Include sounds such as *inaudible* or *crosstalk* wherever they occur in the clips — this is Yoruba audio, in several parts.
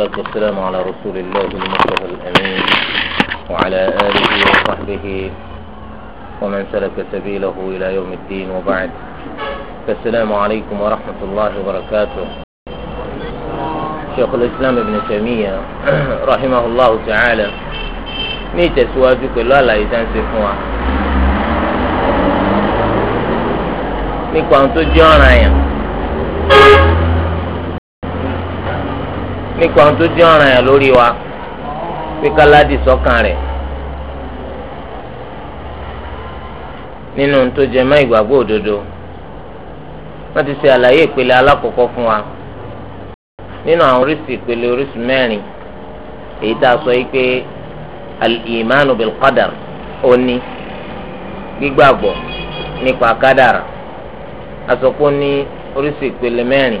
والصلاة والسلام على رسول الله المصطفى الأمين وعلى آله وصحبه ومن سلك سبيله إلى يوم الدين وبعد فالسلام عليكم ورحمة الله وبركاته شيخ الإسلام ابن تيمية *clears throat* رحمه الله تعالى ميت سواجك لا لا ميكوان نكون تجانا يعني. nípa ohun tó jẹ́ ọ̀ràn yẹn lórí wa pé káládì sọ́kàn rẹ̀ nínú ohun tó mọ́ ìgbàgbọ́ òdodo wọ́n ti ṣe àlàyé ìpele alákọ̀ọ́kọ́ fún wa nínú àwọn oríṣi ìpele oríṣi mẹ́rin èyí tá a sọ yìí pé ó ní gbígbàgbọ́ nípa a sọ pé ó ní oríṣi ìpele mẹ́rin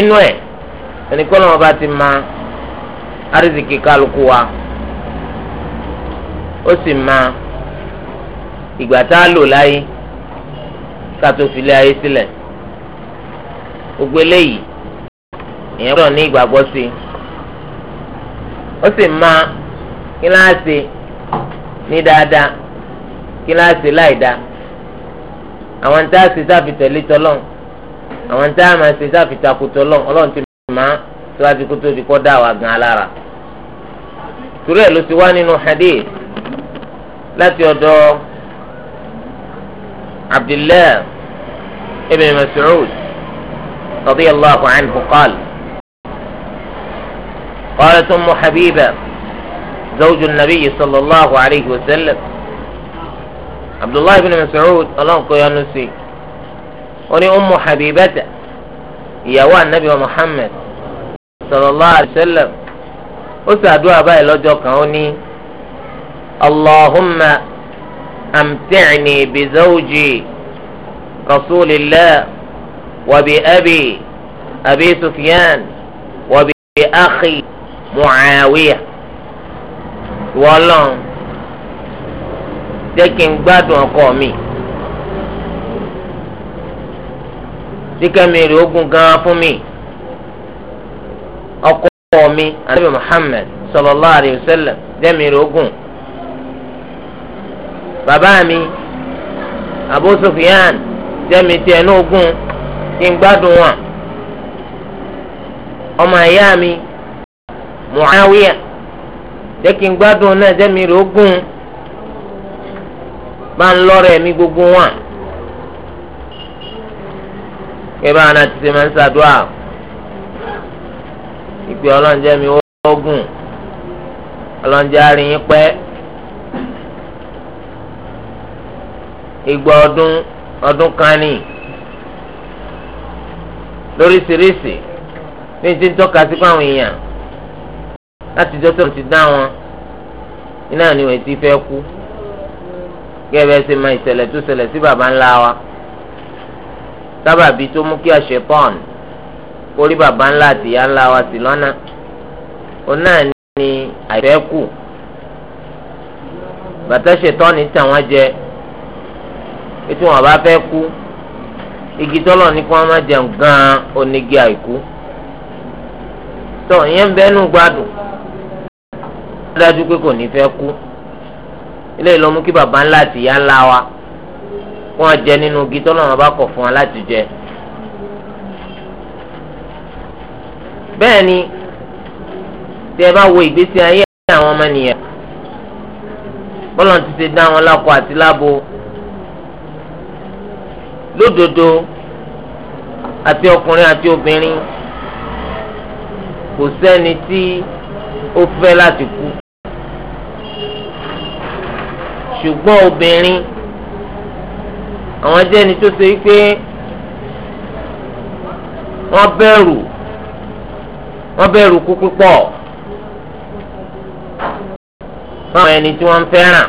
nínú ẹ̀ ẹnikọ́nà ọba ti ma arizikì kálukú wa ó sì ma ìgbà tá a lò láyé kátó filé ayé sílẹ̀ gbogbo eléyìí èèyàn gbọ́dọ̀ ní ìgbàgbọ́ sí i ó sì ma kíláàsì ní dáadáa kíláàsì láìdáa àwọn tá a tẹ̀lé àwọn tá a máa ṣe sáfi takùtọ̀ ọlọ́run ọlọ́run ti máa síwájú kó tó di kọ́ dá wa gan alára. torí ẹ̀ ló ti wá nínú hadith láti ọ̀dọ̀ abdullahi ibn mas'ud radiyallahu anhu qala قالت أم حبيبة زوج النبي صلى الله عليه وسلم عبد الله بن مسعود الله ينسيه oní ummu habibata ìyàwó anabi muhammed sallallahu alayhi wa sallam ó ṣàdúrà báyìí lọ́jọ́ kan ó ní allahumma amti'ni bi zawji rasulillah wa bi abi abi sufyan wa bi akhi muawiya wọlọ́n jẹ́ kí n gbádùn ọkọ mi. sikamiri rè ogun gan fún mi ọkọ mi anabi muhammed sallallahu alayhi wa sallam dẹ́mi ogun bàbá mi abu sufyan dẹ́mi tiẹ̀ ní ogun kí n gbádùn wọn ọmọ ẹ̀yà mi muawiya jẹ́ kí n gbádùn náà ogun bá ń lọrọ ẹ̀mí gbogbo wọn. kébà àná ti ṣe máa ń a, ikpe mi ogun ọlọ́njẹ́ àríyìn pẹ́ igba ọdụ ọdún kan ti ń tọ́ka láti jọ́ ti dá wọn iná ni ti fẹ kú kí bẹ́ẹ̀ ṣe máa ìṣẹ̀lẹ̀ tó baba ńlá wa. sábàbí tó mú kí àṣetán kórí baba ńlá àti ìyá ńlá wa sí lọ́nà òun náà ní àìfẹ́ kù bàtà ṣetán ní tàwọn jẹ pé tí wọn bá fẹ́ kú igi tọ́lọ̀ ní kí wọ́n má jẹun gan-an onígi àìkú tó ìyẹn ń bẹ́nu gbádùn dájú pé kò ní fẹ́ kú ilé ìlú kí baba ńlá àti ńlá wa wọ́n jẹ nínú igi tọ́lọ́run bá kọ̀ fún wa láti jẹ. bẹ́ẹ̀ ni tí ẹ bá wo ìgbésí ayé àwọn ọmọnìyàn bọ́lọ̀ ti ṣe dá wọn lákọ àti lábo lódodo àti ọkùnrin àti obìnrin kò sẹ́ni tí ó fẹ́ láti kú ṣùgbọ́n obìnrin àwọn jẹ́ ẹni tó ṣe pé wọ́n bẹ̀rù wọ́n bẹ̀rù kú púpọ̀ fáwọn ẹni tí wọ́n fẹ́ràn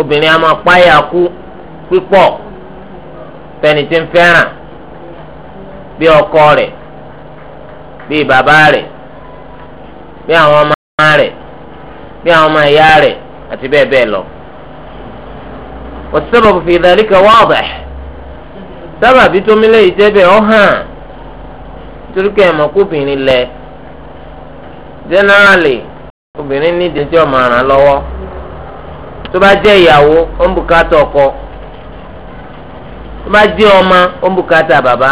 obìnrin a máa páyà kú púpọ̀ fẹ́ni tí ń fẹ́ràn bí ọkọ rẹ̀ bí bàbá rẹ̀ bí àwọn ọmọ rẹ̀ bí àwọn ọmọ ìyá rẹ̀ àti bẹ́ẹ̀ bẹ́ẹ̀ lọ. والسبب في ذلك واضح sábàbí tó mi léyìí jẹ́ bẹ́ẹ̀ ọ́ hàn torí obìnrin ní ìdíjọ́ máa ràn lọ́wọ́ tó bá jẹ́ ìyàwó ó ń bùkátà ọkọ tó bá jẹ́ ọmọ ó ń bùkátà bàbá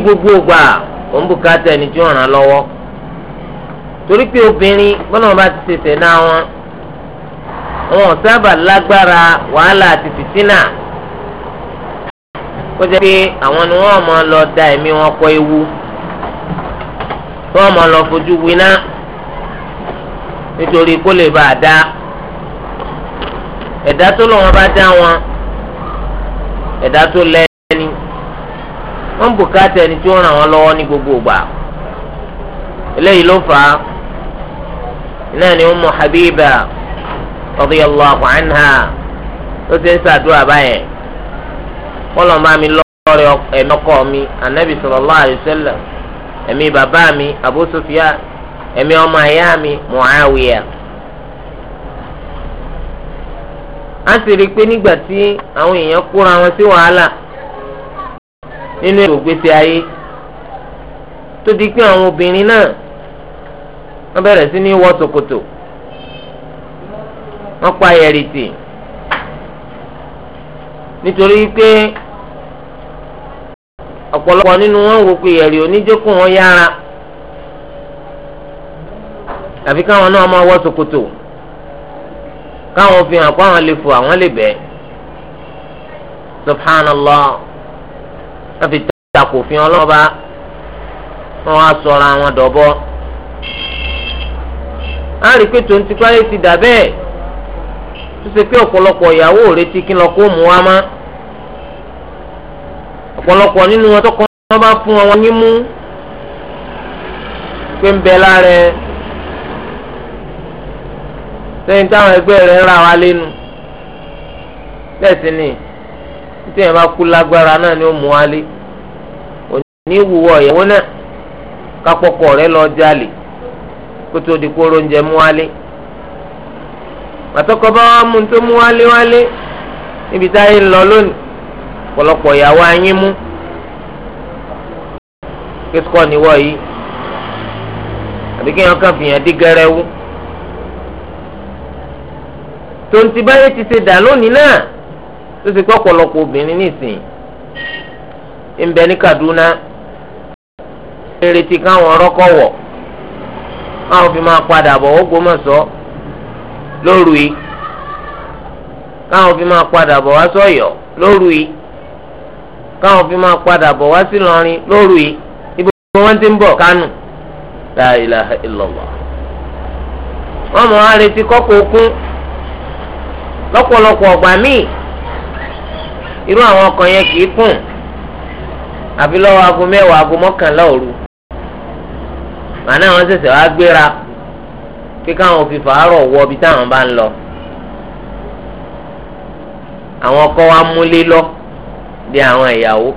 tó òun bùkátà ẹni tí ó ràn án lọ́wọ́ torí pé obìnrin bọ́nà bá ti tètè náà wọn wọn sábà lágbára wàhálà àti fìtínà kó jẹ́ pé àwọn ni wọ́n mọ̀ lọ da ẹ̀mí wọn kọ ewu wọ́n mọ̀ lọ fojú winá nítorí kó lè bá dá ẹ̀dá tó lọ́wọ́ bá dá wọn ẹ̀dá tó lẹ́ wọn bùkátà ẹni tí ó ràn wọ́n lọ́wọ́ ní gbogbo ìgbà eléyìí ló fà á náà ni Ummu Habiba radiyallahu anha ló ti ń ṣàdúrà báyẹn wọ́n lọ́ọ́ máa mi lọ́ọ̀rẹ́ ẹ̀mọ́kọ́ mi anabi sallallahu alayhi wa sallam bàbá mi Abu Sufyan ọmọ mi a sì rí i pé nígbà tí àwọn èèyàn wọn sí wàhálà. Si nínú èrò gbèsè ayé tó di pé àwọn obìnrin náà wọ́n bẹ̀rẹ̀ sí ní wọ ṣòkòtò wọ́n pa ẹ̀rìtì nítorí pé ọ̀pọ̀lọpọ̀ nínú wọn wò pé ẹ̀rì oníjókòó wọn yára àfi káwọn náà máa wọ ṣòkòtò káwọn fi hàn kó àwọn lè fò àwọn lè bẹ́ẹ̀ subhanallah wọ́n fi takò fi hàn lọ́ba wọ́n wá sọ̀rọ̀ àwọn dọ̀bọ́. a rí pé tòun ti parí ti dà bẹ́ẹ̀ tó ṣe pé ọ̀pọ̀lọpọ̀ ìyàwó retí kí lọ kó mú wa má ọ̀pọ̀lọpọ̀ nínú wọn tọkọ wọn bá fún wọn ní mú pé ń bẹ lára ẹ sẹ́yìn táwọn ẹgbẹ́ rẹ̀ ń ra wa lẹ́nu bẹ́ẹ̀ sì ni tí yẹn bá kú lágbára náà ni ó mú wálé òní ìwúwọ ìyàwó náà kápọkọ rẹ̀ lọ jalè kó tó di kóró oúnjẹ mú wálé àtọkọ bá wà mú tó mú wálé wálé níbi táyé ń lọ lónìí pọ̀lọpọ̀ ìyàwó ayín mú kíkọ níwọ yìí àbí kí wọn kàn fìyàn dí gẹrẹwú tonti báyé ti ṣe dà lónìí náà. tó ti kọ́ ọ̀pọ̀lọpọ̀ obìnrin ní Kaduna ìrètí káwọn rọ́kọ̀ wọ̀ káwọn fi máa padà bọ̀ Ògbómọ̀ṣọ́ lóru yìí káwọn fi máa padà bọ̀ wá sọ̀yọ̀ lóru káwọn fi máa padà bọ̀ wá sí lọ́rin lóru ibi gbogbo wọn ti ń bọ̀ kánù la ilaha irú àwọn ọkọ̀ yẹn kì í kùn àfi lọ́wọ́ aago mẹ́wàá aago mọ́kànlá òru màánà wọn ṣẹ̀ṣẹ̀ wá gbéra kí káwọn òfin fàárọ̀ wọ ibi táwọn bá ń lọ àwọn ọkọ wa múlé lọ di àwọn ìyàwó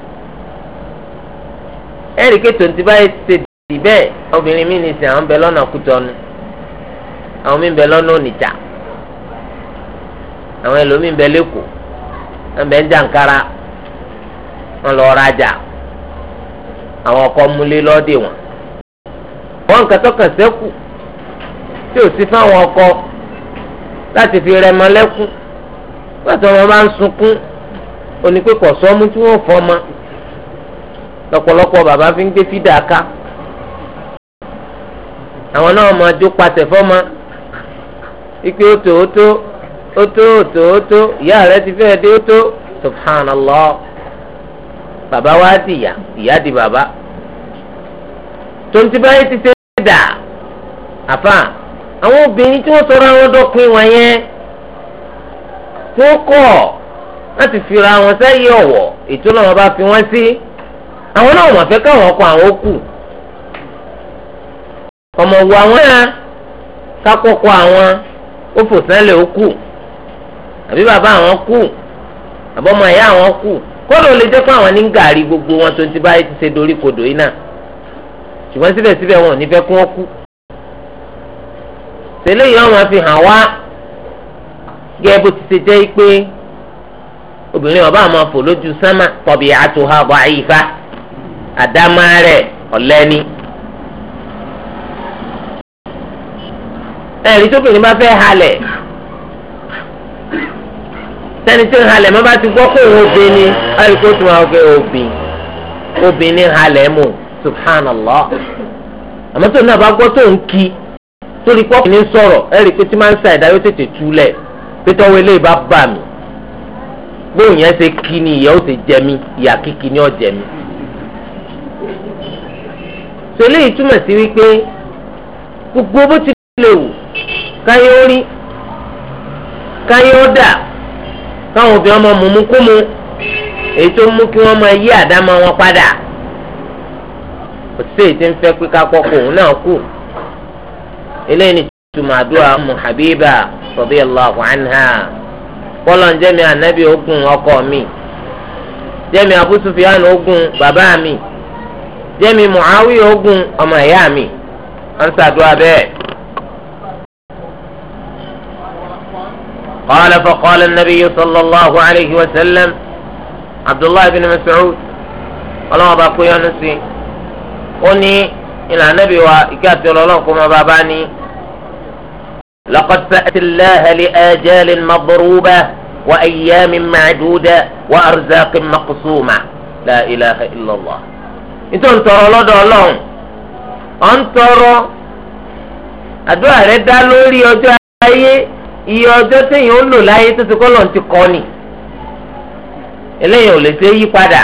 ẹ̀rí kí tòǹtì báyìí ṣe dì bẹ́ẹ̀ obìnrin mi ní sìn bẹ lọ́nà kútọ́nu àwọn mi bẹ lọ́nà ònìjà àwọn ẹlòmíì bẹ lẹ́kọ̀ọ́ ẹnbẹ ń jàǹkara wọn lọ rajà àwọn ọkọ múlé lọ́dẹ wọn wọn nǹkan tó kàn sẹ́kù tí ò sí fáwọn ọkọ láti fi rẹ mọ́lẹ́kùn pàtó wọn bá ń sunkún onípẹ̀kọ̀ sọ́mú tí wọ́n fọ́ ma lọ́pọ̀lọpọ̀ bàbá fi ń gbé fídà ká àwọn náà máa ó tó tó ó tó ìyá rẹ ti fẹ́ dé ó tó subhanallah Baba wa di ya ìyá di baba. tonti báyìí ti ṣe é dà àfà àwọn obìnrin tí wọ́n sọ̀rọ̀ àwọn dọ́kùnrin wọn yẹn tó kọ̀ láti fira wọn sẹ́yìn ọ̀wọ̀ ètò náà wọ́n bá fi wọ́n sí àwọn náà wọ́n fẹ́ káwọn ọkọ àwọn kù ọmọ òwò àwọn náà kákọ́kọ́ àwọn ó fò sẹ́lẹ̀ ó kù. àbí bàbá àwọn kú àbí ọmọ ìyá àwọn kú kọ́lọ̀ lè jẹ́ pé gbogbo wọn tó ti báyìí ti ṣe dorí kodò yìí náà ṣùgbọ́n síbẹ̀síbẹ̀ wọn ò ní fẹ́ kí wọ́n kú. tẹ́lẹ̀ yìí wọ́n máa fi hàn wá gẹ́gẹ́ bó ti ṣe jẹ́ pé obìnrin ọba àmọ́ lójú sánmà àdámá sẹ́ni tí ń halẹ̀ mọ́ bá ti gbọ́ pé òun obìnrin ni àyíkó tó máa gbé obìn obìnrin halẹ̀ mọ́ subhanallah àmọ́ tó náà bá gbọ́ tó ń kí torí pọ́ọ̀kì ní sọ̀rọ̀ ẹ̀rí pé tí máa ń sa ẹ̀dá yóò tètè túlẹ̀ pé tọ́wọ́ eléyìí bá bà mí bóun yẹn ṣe kí ni ìyà ṣe jẹ mí ìyà kíkí ni ó jẹ mí. sọlẹ́ yìí túmọ̀ sí wípé gbogbo bó ti lè wù káyé rí káyé dà káwọn obìnrin ọmọ mú kú mu èyí tó mú kí wọ́n máa yí àdámọ́ wọn padà kò tí ń fẹ́ pé kápọ̀ kò òun náà kù eléyìí ni tùmọ̀ àdúrà mu Habiba anha kọ́lọ̀ jẹ́mi ànábì ogun ọkọ mi jẹ́mi Abu Sufyan ogun bàbá mi jẹ́mi Muawiya ogun قال فقال النبي صلى الله عليه وسلم عبد الله بن مسعود قال ما باكو يا نسي قني إلى نبي وإكاتل لكم باباني لقد فأت الله لآجال مضروبة وأيام معدودة وأرزاق مقسومة لا إله إلا الله إنتو انترى لدى الله انترى أدوى ردا لوري أجوى iye ọjọ́ téèyàn ó lò láyé tó ti kọ́ lọ́n ni eléyìí ò lè ṣe yí padà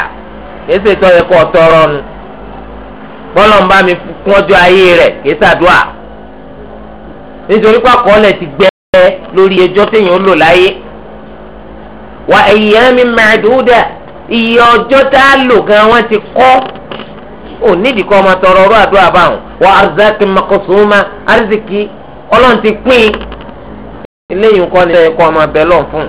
èsì tó yẹ kó tọrọ nu bọ́lọ̀ ń bá mi kún ọjọ́ ayé rẹ̀ kìí ṣàdúà nítorí ti gbẹ́ lórí ẹjọ́ téèyàn ó lò láyé wà iye ọjọ́ tá a lò gan wọ́n ti kọ́ kọ́ tọrọ àdúrà báwọn wà makosoma arziki ọlọ́run ti pín eléyìí nǹkan ni ẹ̀kọ́ ọmọ abẹ lọ́n fún.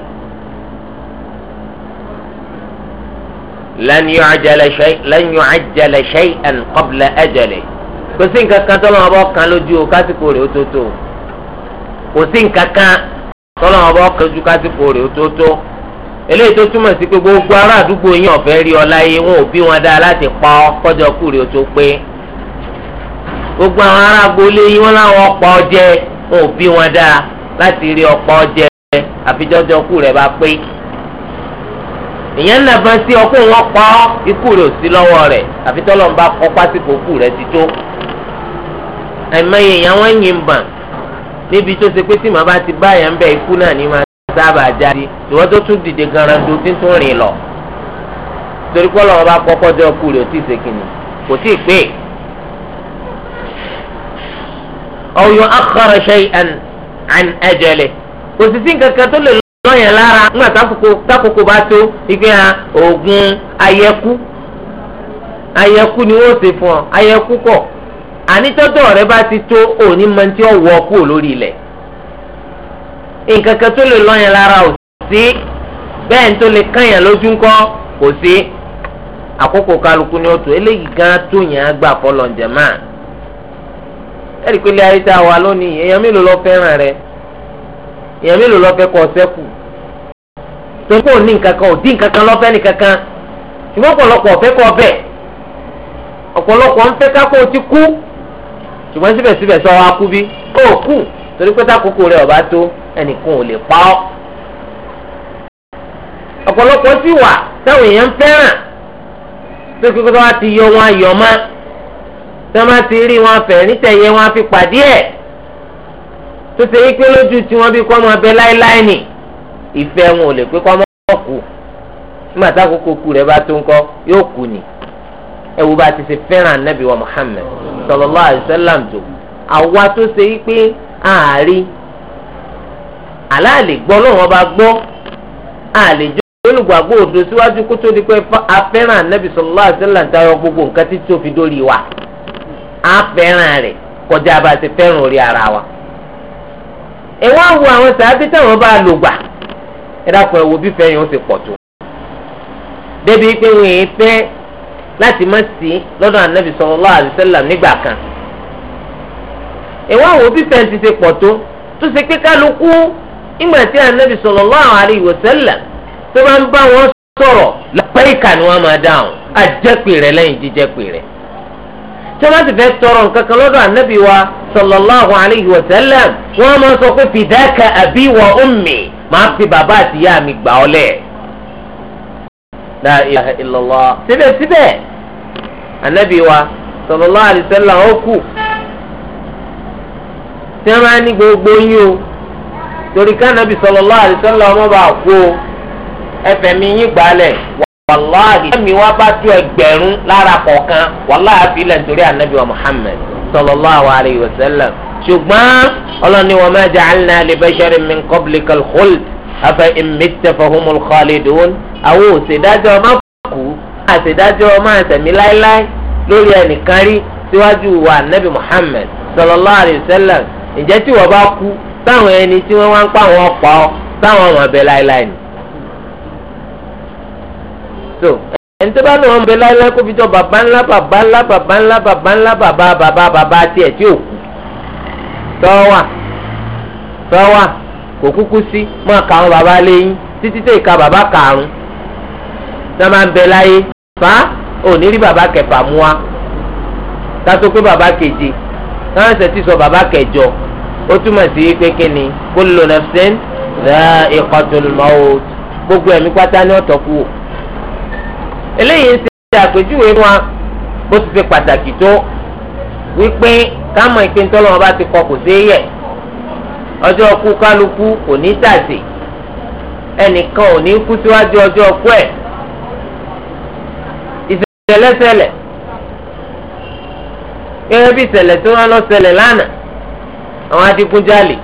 lan yu'ajjala shay'an qabla ajalihi kò sí nǹkan kan tọ́lọ́mọ bọ́ kan lójú o kásìkò rẹ̀ ó tó tó kò sí nǹkan kan tọ́lọ́mọ bọ́ kan lójú kásìkò rẹ̀ ó eléyìí tó túmọ̀ sí pé gbogbo ará àdúgbò yín ọ̀fẹ́ rí ọ láyé wọn ò bí wọn dá láti pa ọ kọjọ kù rẹ̀ ó pé gbogbo àwọn ará agboolé yín wọn láwọn ọ̀pọ̀ ọjẹ́ wọn ò bí wọn dá láti rí ọ̀pọ̀ jẹ àfijọ́jọ́ kú rẹ̀ bá pé ìyẹn nàbọn sí ọkọ wọn pọ ikú rẹ̀ ò sí lọ́wọ́ rẹ̀ àfi tọlọ ń bá kọ pásítọ kú rẹ̀ ti tó àìmọye èèyàn wọn yìn bàn níbi tó ṣe pé tí màá bá ti bá àyà ń bẹ ikú náà ní máa sábà jáde ìwọ́n tó tún dìde garando tí tún rìn lọ torí pé ọlọ́wọ́ bá kọ́kọ́ jọ kú rẹ̀ ò tí ì ṣe kìnnì kò tí ì pé. ọ̀yọ́ akọ̀rọ̀ ṣe ẹ̀ an ajali kò sì sí nǹkan kan tó lè lọ́yàn lára nígbà tákòkò bá tó ike hàn oògùn ayẹkú ayẹkú ni wọ́n ṣe fún ọ ayẹkú kọ̀ ànítọ́tọ̀ rẹ bá ti tó òní mọ tí ó wọ kú lórí ilẹ̀ nǹkan tó lè lọ́yàn lára ò sí bẹ́ẹ̀ ni tó lè kànyàn lójú ńkọ́ kò sí àkókò kálukú ni ó tó eléyìí gan tó yàn án gbà fọlọ́njẹ̀ máa ẹ̀rí pé ilé ayé tá a wà lónìí èèyàn mélòó lọ fẹ́ràn rẹ èèyàn mélòó lọ fẹ́ kọ́ sẹ́kù torí kò ní nǹkan kan ò dín nǹkan kan lọ́fẹ́ nìkan kan ṣùgbọ́n ọ̀pọ̀lọpọ̀ ọ̀fẹ́ kọ́ bẹ́ẹ̀ ọ̀pọ̀lọpọ̀ ń fẹ́ kákó ti kú ṣùgbọ́n síbẹ̀síbẹ̀ sọ wa kú bí ó kù torí pé tákòókò rẹ ọ̀bá tó ẹnìkan ò lè pa ọ́ ọ̀pọ̀lọpọ̀ sì wà táwọn èèyàn fẹ́ràn tó kí kótó wá ti yọ wọn ayọ̀ máa tí wọ́n bá ti rí wọn fẹ̀ nítẹ̀yẹ wọn fi pàdé ẹ̀ tó ṣe wípé lójú tí wọ́n bí kọ́ ọmọ abẹ láéláé nì ìfẹ́ wọn ò lè pé kọ́ ọmọ kù nígbà tá àkókò kú rẹ̀ bá tó ń kọ́ yóò kù ni ẹ wo bá ti ṣe fẹ́ràn anábì wa Muhammad sallallahu alaihi wasallam tó àwa tó ṣe wípé ààrí aláàlè gbọ́ lóun ọba gbọ́ ààlè jọ olùgbàgbọ́ òdo síwájú kó tó di pé afẹ́ràn anábì sallallahu alaihi wasallam gbogbo nǹkan tí tó fi dórí wa. a fẹ́ràn rẹ̀ kọjá bá ti fẹ́ràn orí ara wa. ẹ wá wo àwọn sàábí táwọn bá lò gbà ẹ dákun ẹ wo bí ti pọ̀ tó. débi pé wọn èyí fẹ́ láti má sí lọ́dọ̀ ànábì sọ̀rọ̀ nígbà kan. ẹ wá wo bí ti ti pọ̀ tó tó ṣe tí wọ́n ti fẹ́ tọrọ nǹkan kan lọ́dọ̀ ànábì wa sallallahu alayhi wa sallam wọ́n máa sọ pé fìdákà àbí wa ummi máa fi bàbá àti ìyá mi gbà ọ́ lẹ̀. la ilaha illallah síbẹ̀síbẹ̀ ànábì wa sallallahu alayhi wa ó kù tí máa ní gbogbo yín o torí ká ànábì sallallahu alayhi wa ọmọ bá kú ẹfẹ̀ mi yín gbà lẹ̀ wàláhi ẹ̀mí wa bá tó ẹgbẹ̀rún lára kọ̀ọ̀kan wàláhi àfilẹ̀ nítorí ànábì wa muhammed sallallahu alayhi wa sallam ṣùgbọ́n ọlọ́ni wa ma ja'alna li basharin min qablikal khuld afa in mitta fahumul khalidun àwọn òṣèdájọ́ ọmọ kù àṣèdájọ́ ọmọ àtẹ̀mí láéláé lórí ẹnìkan rí síwájú wa ànábì muhammed sallallahu alayhi wa sallam ǹjẹ́ tí wọ́n bá kú táwọn ẹni tí wọ́n wá ń pa ọ̀pọ̀ táwọn ọmọ ọbẹ̀ láéláé ni so ẹni tó bá lò wọn bẹ láéláé kó fi jọ bàbá ńlá bàbá ńlá bàbá ńlá bàbá ńlá bàbá bàbá bàbá tiẹ̀ tí ò kú tọ́wà tọ́wà kò kúkú sí máa kà àwọn bàbá lẹ́yìn títí tẹ̀ ka bàbá karùn-ún tá a máa ń bẹ láyé fa òní rí bàbá kẹfà mú wa ká pé bàbá keje táwọn ṣẹ̀ ti sọ bàbá kẹjọ ó túmọ̀ sí pé kí ni kullu nafsin dha'iqatul maut gbogbo ẹ̀mí pátá ní ọ̀tọ̀ kú o eléyìí ṣe àpèjúwe wọn bó ti ṣe pàtàkì tó wípé kámọ̀ ìpéntọ́ lọ́wọ́ bá ti kọ kò sí yẹ̀ ọjọ́ kú kálukú kò ní tàsé ẹnìkan ò ní kú síwájú ọjọ́ kú ẹ̀ ìṣẹ̀lẹ̀ṣẹlẹ̀ gẹ́gẹ́ bí ìṣẹ̀lẹ̀ tí wọ́n lọ ṣẹlẹ̀ lánàá àwọn adigunjalè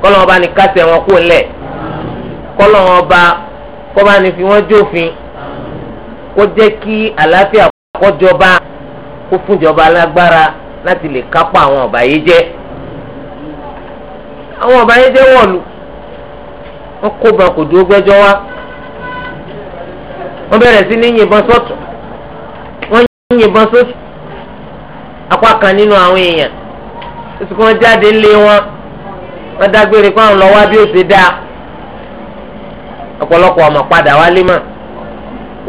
kọ́lọ́wọ́n bá ní kásẹ̀ wọn kú ńlẹ̀ kọ́lọ́wọ́n bá kọ́ bá ní fi wọ́n jófin kó jẹ́ kí àlàáfíà kọjọba kó fúnjọba alágbára láti lè kápá àwọn ọ̀bàyéjẹ́ àwọn ọ̀bàyéjẹ́ wọ̀lú wọ́n kó ba kò dúró gbẹ́jọ́ wá wọ́n bẹ̀rẹ̀ sí ní yìnbọn sọ́tún wọ́n yìnbọn sósì apá kan nínú àwọn èèyàn oṣù kí jáde lé wọn wọ́n dágbére pé lọ wá bí ó ṣe dáa ọ̀pọ̀lọpọ̀ ọmọ padà wálé mọ́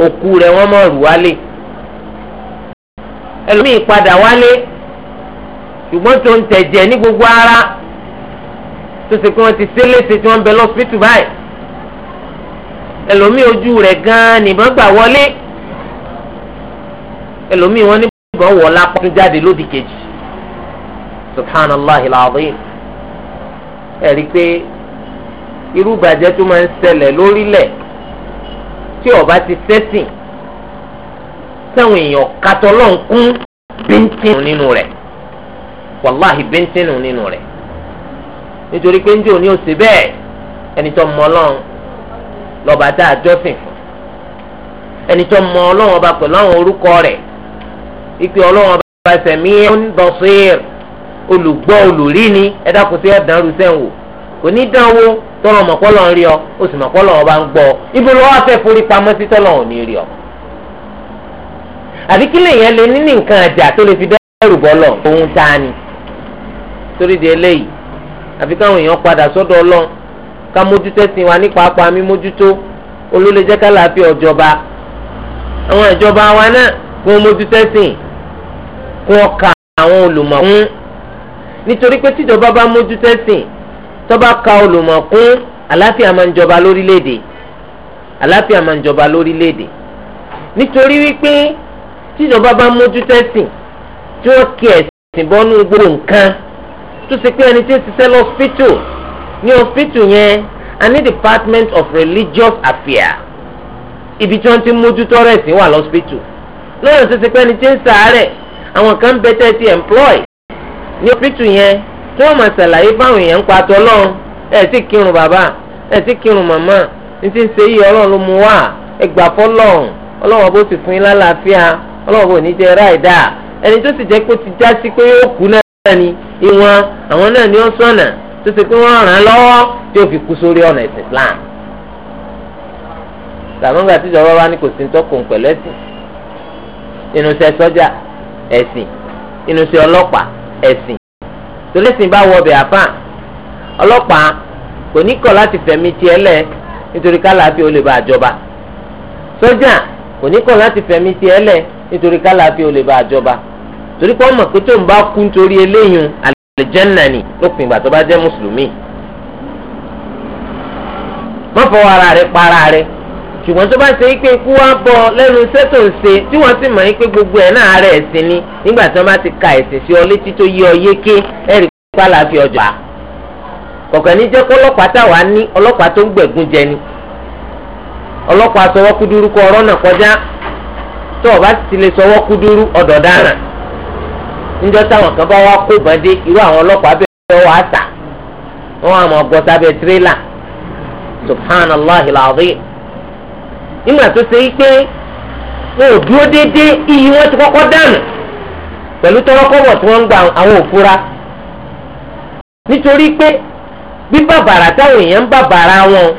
òkú rẹ̀ wọ́n mọ̀ rù wálé ẹlòmíì padà wálé ṣùgbọ́n tó ń tẹ̀jẹ̀ ní gbogbo ara tó ṣe pé wọ́n ti sẹ́lẹ̀ṣẹ̀ tí wọ́n bẹ lọ́sítù báyìí ẹlòmíì ojú rẹ̀ gan-an nìbọn gbà wọlé ẹlòmíì wọn ní bọ́ọ̀ wọ̀ lápá tó jáde lódì kejì subhanallah al-azim ẹ̀rí pé irú ìbàjẹ́ tó máa ń ṣẹlẹ̀ lórílẹ̀ tí ọba ti sẹ́sìn táwọn èèyàn katọ́ lọ́n kún bíntínù nínú rẹ̀ wàláhì bíntínù nínú rẹ̀ nítorí pé ndí òní òsè bẹ́ẹ̀ ẹni tó mọ ọlọ́run lọ́ba tá a jọ́sìn fún ẹni tó mọ ọlọ́run ọba pẹ̀lú àwọn orúkọ rẹ̀ ìpè ọlọ́run ọba ẹsẹ̀ mi ń bọ̀ sí olùgbọ́ olùrí ni ẹ dákun sí ẹ̀dán rúṣẹ́ ń wò onídánwó tọrọ mọ̀kọ́lọ̀ ń rí ọ ó sì mọ̀kọ́lọ̀ ọba ń gbọ́ ibi lọ́wọ́ afẹ́ forí pamọ́ sí tọ́lọ̀ ò ní rí ọ. àbí kí lèèyàn lè ní nǹkan àjà tó lè fi dẹ́rù bọ́lọ̀ òun tá a ni. torí di eléyìí àfi káwọn èèyàn padà sọ́dọ̀ ọlọ́run ká mójútó sin wa nípa apá mímójútó olólè jẹ́ ká láàfi ọ̀jọba àwọn ìjọba wa náà kó mójútó sin kó ọkà àwọn olùmọ̀ fún nítorí pé tíjọba bá mójútó sin tọ́ba ka olùmọ̀ kún àlàáfíà máa ń jọba lórílẹ̀‐èdè àlàáfíà máa ń jọba lórílẹ̀‐èdè nítorí wípé tíjọba bá mójú tẹ́sìn tí wọ́n kí ẹ̀sìn bọ́nú gbogbo nǹkan tó ṣe pé ẹni tí ó ṣiṣẹ́ lọ hospital ní hospital yẹn a department of religious affairs ibi tí wọ́n ti mójútó rẹ̀ sí wà lọ́spítù lọ́yọ̀ tó ṣe pé ẹni tí ń sàárẹ̀ àwọn kan ń bẹ tẹ́tí employ ní hospital yẹn tí wọ́n máa ṣàlàyé báwọn èèyàn ń pa àtọ́ lọ́run ẹ̀ sì kírun bàbá ẹ̀ sì kírun màmá ní ti ń ṣe yìí ọlọ́run ló mú wá ẹ gbà fọ́lọ́run ọlọ́run bó ti fún yín lálàáfíà ọlọ́run bó ní jẹ́ ráìdá ẹni tó sì jẹ́ pé ó ti já sí pé ó kú náà ni ìwọ̀n àwọn náà ni ó sọ̀nà tó ṣe pé wọ́n ràn án lọ́wọ́ tí ó fi kú sórí ọ̀nà ẹ̀sìn Islam tàbọ̀ngbà tíjọba wa ní kò sí tọkùn pẹ̀lú ẹ̀sìn inú sọ́jà ẹ̀sìn inú ọlọ́pàá ẹ̀sìn torí sìn bá wọ ọbẹ̀ àfà ọlọ́pàá kò ní kọ̀ láti fẹ̀mí tiẹ̀ lẹ̀ nítorí kálàáfíà ó lè bá àjọba sọ́jà kò ní kọ̀ láti fẹ̀mí tiẹ̀ lẹ̀ nítorí kálàáfíà ó lè bá àjọba torí pé ọmọ pé tó ń bá kú nítorí eléyìí àlùjánnà ni lópin ìgbà tó bá jẹ́ mùsùlùmí má ara rẹ̀ pa rẹ̀ ṣùgbọ́n tó bá ṣe pé ikú wá bọ̀ lẹ́nu iṣẹ́ tó ń ṣe tí wọ́n sì mọ̀ gbogbo ẹ̀ náà rẹ̀ ni nígbà tí wọ́n bá ti ka ẹ̀sìn sí ọ létí tó yé ọ yéké ẹ̀rì pàlà fi ọjọ́ à. kọ̀kọ́ ní jẹ́ kó ọlọ́pàá táwa ní ọlọ́pàá tó ń gbẹ̀gún jẹ ni ọlọ́pàá kọ ọ̀rọ̀ náà kọjá tó o bá ti lè ọ̀dọ̀ nígbà tó ṣe pé wọn ò dúró déédéé wọn ti kọ́kọ́ dànù pẹ̀lú tọrọkọ́bọ̀ tí wọ́n ń gba àwọn òfura nítorí pé bí bàbàrà táwọn èèyàn ń bàbàrà wọn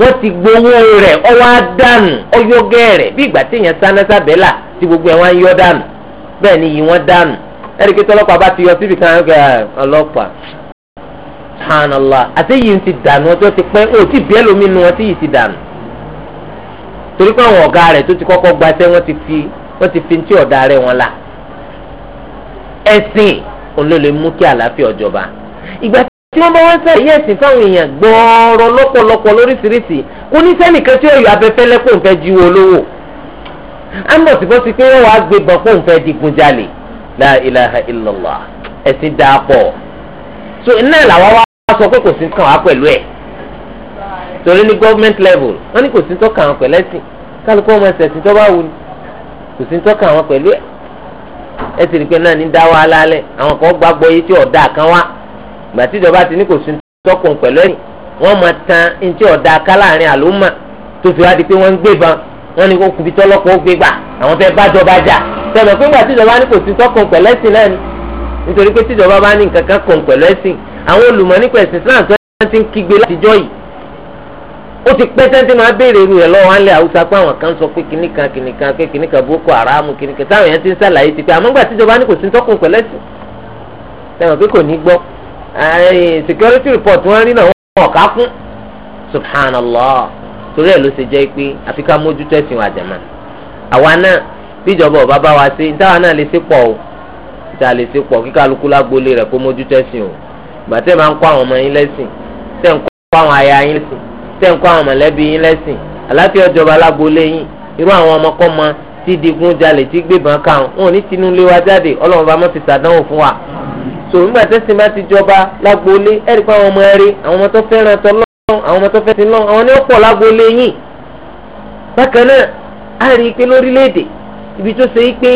wọ́n ti gbowó rẹ̀ ọwọ́ àdánù ọyọ́gẹ́ rẹ̀ bí ìgbà tí èèyàn sáná tí gbogbo ẹ̀ wọn yọ dànù ni wọn dànù ẹ̀rí kí tọ́lọ́pàá bá ti yọ síbi kan ẹ̀ ọlọ́pàá subhanallah àti ti dànù ọjọ́ ti pẹ́ ó ti bí ẹlòmínú ọtí ti dànù torí pé àwọn ọ̀gá rẹ̀ tó ti kọ́kọ́ gbaṣẹ́ wọ́n ti fi wọ́n ti fi ti ọ̀dà rẹ̀ wọn la ẹ̀sìn òun ló lè mú kí àlàáfíà ọ̀jọba ìgbà tí wọ́n bá wọ́n sẹ́yìn ẹ̀sìn fáwọn èèyàn gbọ́ọ̀rọ̀ lọ́pọ̀lọpọ̀ lóríṣiríṣi kò ní sẹ́nìkan tí òòyù abẹ́fẹ́ lẹ́pọ̀ ń fẹ́ jíwó olówó àmọ́ tí wọ́n ti pé wọ́n wá gbé bọ̀pọ̀ ń fẹ́ digunjalè la ilaha illallah ẹ̀sìn dáa pọ̀ so iná làwọn wá sọ pé kò sí kàn wá torí ní government level wọ́n ní kò sí tọ́ka àwọn pẹ̀lú ẹ̀sìn kálukú ọmọ ẹsẹ̀ tí tọ́ bá wù ní kò sí tọ́ka àwọn pẹ̀lú ẹ̀ ẹ ti rí pé náà ní dá wàhálà alẹ́ àwọn kan gbàgbọ́ yìí tí ọ̀dà kan wá ìgbà tí ìjọba ti ní kò sí tọ́kùn pẹ̀lú ẹ̀sìn wọ́n máa tan ní tí ọ̀dà ká láàrin àlùmà tó fi wá di pé wọ́n ń gbé ban wọ́n ní kó fi tọ́lọ́kọ̀ gbé gbà àwọn fẹ́ bá jà tẹ̀lé ó ti pẹ́ sẹ́ńtì máa béèrè irú rẹ̀ lọ́wọ́ alẹ́ haúsá pé àwọn kan sọ pé kìnnì kan kìnnì kan pé kan boko haram kìnnì kan táwọn yẹn ti ń sàlàyé ti pé àmọ́gbà tíjọba ní kò sí tọ́kùn pẹ̀lẹ́sì sẹ́wọ̀n pé kò ní gbọ́ security report wọ́n rí náà wọ́n kà subhanallah torí ẹ̀ ló ṣe jẹ́ pé àfi ká mójútó ọba bá wa táwa náà lè o a lè ṣe kí kálukú lágbolé rẹ̀ kó mójútó ẹ̀sìn o gbàtẹ́ máa ń tẹ́ àwọn mọ̀lẹ́bí yín lẹ́sìn àlàáfíà ọjọba alábòólé yín irú àwọn ọmọkọ́mọ tí digun jalè ti gbébọn káwọn wọn ò ní tinú ilé wa jáde ọlọ́run bá mọ́ fi sàdánwò fún wa. nígbà ti jọba ẹ̀rí pé àwọn ọmọ ẹ̀rí àwọn ọmọ tó fẹ́ràn tọ́ ọmọ tó ti lọ́wọ́ àwọn pọ̀ yín. bákan náà a i pé lórílẹ̀‐èdè ibi tó ṣe é pé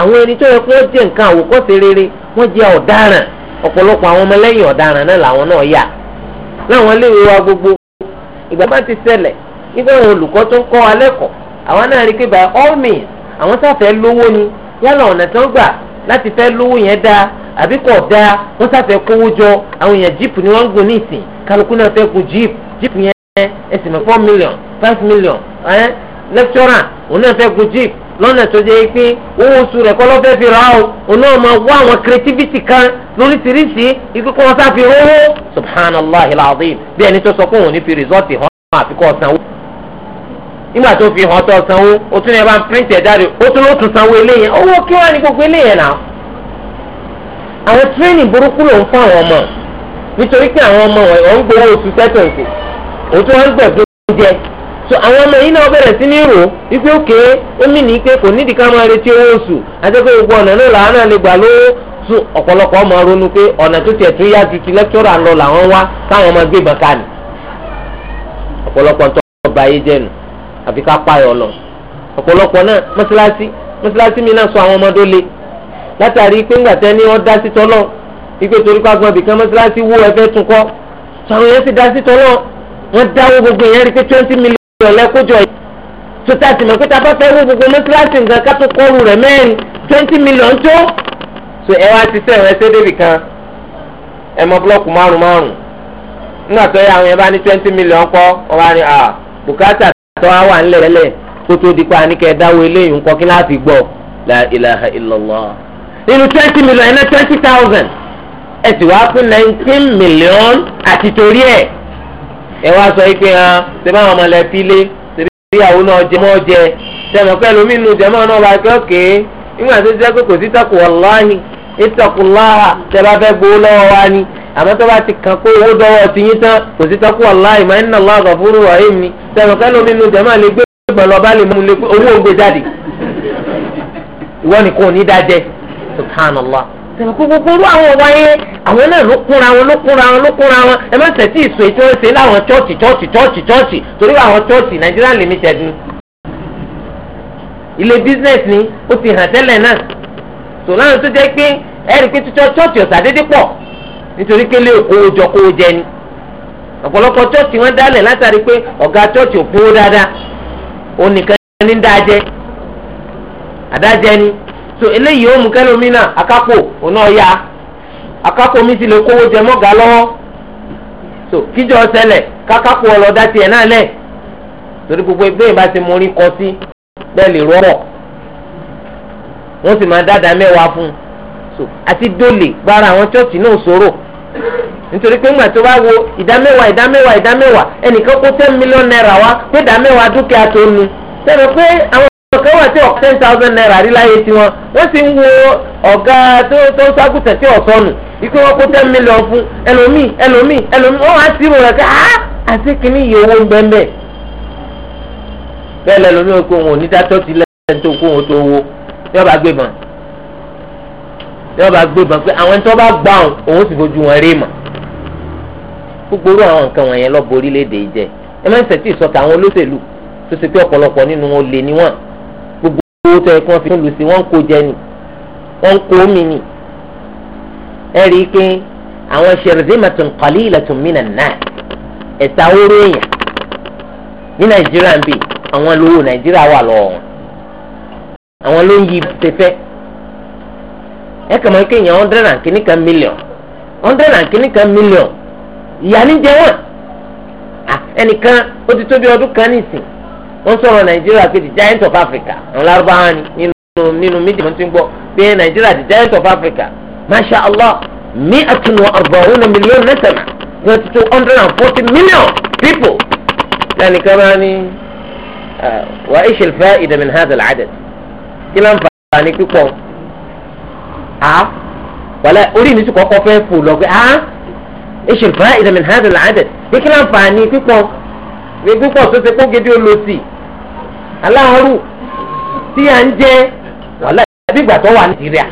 àwọn ẹni tó yẹ kó jẹ́ nǹkan àwòkọ́ṣe rere wọ́n jẹ́ ọ̀daràn ọ̀pọ̀lọpọ̀ ìgbà máa ti ṣẹlẹ̀ nígbà àwọn olùkọ́ tó ń kọ́ wa lẹ́kọ̀ọ́ àwọn náà rí pé by all means àwọn sáfẹ́ lówó ni yálà ọ̀nà tó ń gbà láti fẹ́ lówó yẹn dáa àbí kò dáa wọ́n sáfẹ́ kówó jọ àwọn èèyàn jíìpù ni wọ́n ń gùn ní ìsìn kálukú náà fẹ́ kó jíìpù jíìpù yẹn ẹsìn mọ́ four million five million ẹ́ lẹ́kítọ́rà òun náà fẹ́ kó jíìpù lọ́nà tó jẹ́ pé owó oṣù rẹ̀ kọ́ ló fẹ́ fi ra o onáà máa wá àwọn creativity kan lóríṣiríṣi ikú kọ́ wọn sáfi owó subhanallah alazim bí ẹni tó sọ pé òun ní fi rìsọ́ọ̀tì hàn án àfi kọ́ nígbà tó fi hàn tó o tún yẹ bá ń o tún ló tún sanwó eléyẹn owó kí wọ́n á ní gbogbo eléyẹn náà àwọn training burúkú ló ń fún àwọn ọmọ nítorí pé àwọn ọmọ so àwọn ọmọ yìí náà bẹ̀rẹ̀ sí ní rò wípé òkè ó mì ní pé kò nídìí ká máa retí owó oṣù àti pé gbogbo ọ̀nà náà làwọn náà lè gbà lówó tún ọ̀pọ̀lọpọ̀ ọmọ ronú pé ọ̀nà tó tiẹ̀ tún yá ju ti lẹ́kítọ́rà lọ làwọn wá káwọn ọmọ gbé ìbọn ká ní. ọ̀pọ̀lọpọ̀ tó ń ba ayé jẹ́nu àfi ká payọ̀ lọ. ọ̀pọ̀lọpọ̀ náà mọ́sálásí mọ́sálásí mi náà sọ àwọn ọmọdé le wọ́n dá gbogbo ìyẹn rí pé twenty million ìrọ̀lẹ́ kójọ yìí tuta ti mọ̀ pé tá a bá fẹ́ wó gbogbo nǹkan ká tó rẹ̀ mẹ́rin twenty million tó. so ẹ wá ti sẹ́wọ̀n ẹsẹ̀ débì kan ẹ mọ búlọ́ọ̀kù márùn márùn nígbà tó yẹn bá ní twenty million kọ́ wọ́n bá ní à bùkátà tó wá wà nílẹ̀ lẹ́lẹ̀ kó tó di pa àníkẹ́ dáwọ́ eléyìí gbọ́ la ilaha illallah nínú ẹ wá sọ pé hàn ah, ṣẹbi àwọn ọmọlẹ fílé ṣẹbi ìyàwó náà jẹ mọ́ jẹ ṣẹmọ pẹ̀lú mínú jẹmọ́ náà wá pé òkè nígbà tó jẹ́ pé kò sí takò wàláhì ìtakùláhà ṣẹba fẹ́ gbowó lọ́wọ́ wa ni àmọ́ tó bá ti kàn pé owó dọ́wọ́ ti yín tán kò sí takò wàláhì máa ń nà lọ́ àgàfóró rahim ni ṣẹmọ pẹ̀lú mínú jẹmọ́ lè gbé gbọ̀lọ́ bá lè mú owó gbé jáde ìwọ nìkan ò ní dájẹ́ subhanallah. sìnkú gbogbo irú àwọn wáyé àwọn náà ló kúnra wọn ló kúnra wọn ló kúnra wọn ẹ má ìsò ètò láwọn torí àwọn Nigeria limited ni ilé business ni ó ti hàn tẹ́lẹ̀ náà sò láwọn tó jẹ́ pé ẹ̀rí pé títọ́ chọ́ọ̀chì ọ̀sà dédé pọ̀ nítorí pé lè jọ ni ọ̀pọ̀lọpọ̀ wọn dálẹ̀ látàrí so eléyìí ó mú kẹlómi náà akápò òun ọ̀ya akápò mi ti lè kówó jẹ so kíjọ ṣẹlẹ̀ kákápò ọlọ́dá tiẹ̀ náà lẹ̀ torí gbogbo ẹgbẹ́ ìbá ti mú orí kọ sí bẹ́ẹ̀ lè rọ́rọ̀ wọ́n sì máa dáadáa mẹ́wàá fún un so àti dólè gbára àwọn chọ́ọ̀chì náà ṣòro nítorí pé ńgbà tó bá wo ìdámẹ́wàá ẹnìkan kó ten naira wá pé dúkìá tó nu kan wà tí ọ̀ ten thousand naira rí láyé tiwọn wọ́n sì ń wo ọ̀gá tó tó ságùtẹ̀ tí ọ̀sọ́ nù ikú wọn kó ten million fún ẹlòmíì ẹlòmíì ẹlòmíì wọ́n wá sí ìrò rẹ̀ ká àti kìíní iye owó ń bẹ́ẹ̀ bẹ́ẹ̀ bẹ́ẹ̀ lẹ́lòmíì okò wọn ò ní dátọ́ ti lẹ́yìn tó kó wọn tó wo yọ bá gbé bàn yọ bá gbé bàn pé àwọn ẹni tó bá gbà òun sì fojú wọn rí mà gbogbo irú àwọn nǹkan wọ̀nyẹn lọ borílẹ̀-èdè jẹ ẹ má ń sẹ́tì sọ tàwọn olóṣèlú tó ṣe pé ọ̀pọ̀lọpọ̀ nínú wọn lè ní wọn owó tó yẹ kí wọ́n fi lù sí wọ́n ń kó jẹ ni wọ́n ń kó mi ni ẹ rí i pé àwọn shirzimatun qalilatun minan nas ẹ̀ta oró èèyàn ní nàìjíríà ń bì àwọn lówó nàìjíríà wà lọ́wọ́ wọn àwọn ló ń yí pẹpẹ ẹ kàn máa ń kéèyàn hundred and kìíní kan million hundred and kìíní kan million ìyá níjẹ wọn ẹnìkan ó ti tó ọdún kan nìsín ó ń sọ̀rọ̀ nàìjíríà pé the giant of africa àwọn lárúbáwá ni nínú nínú mídìí mo ti ń gbọ́ pé nàìjíríà the giant of africa masha allah mi àtúnú àgbàwọ́n mílíọ̀nù mẹ́sàn-án ní ọtí tó hundred and forty million people lẹ́nu kan ni ní wà á ṣèlú fẹ́ ìdàmìn hàn àdàlà àdàd kí ló ń fa ní pípọ̀ a wàlẹ́ orí mi ti kọ́kọ́ fẹ́ fò lọ́gbẹ́ a ìṣèlú fẹ́ ìdàmìn hàn àdàlà àdàd kí ló ń fa ní pípọ̀ ní pípọ̀ tó ti kó gidi ó lọ sí i. aláàárù tí à ń jẹ wàhálà ẹbí ìgbà tó wà nàìjíríà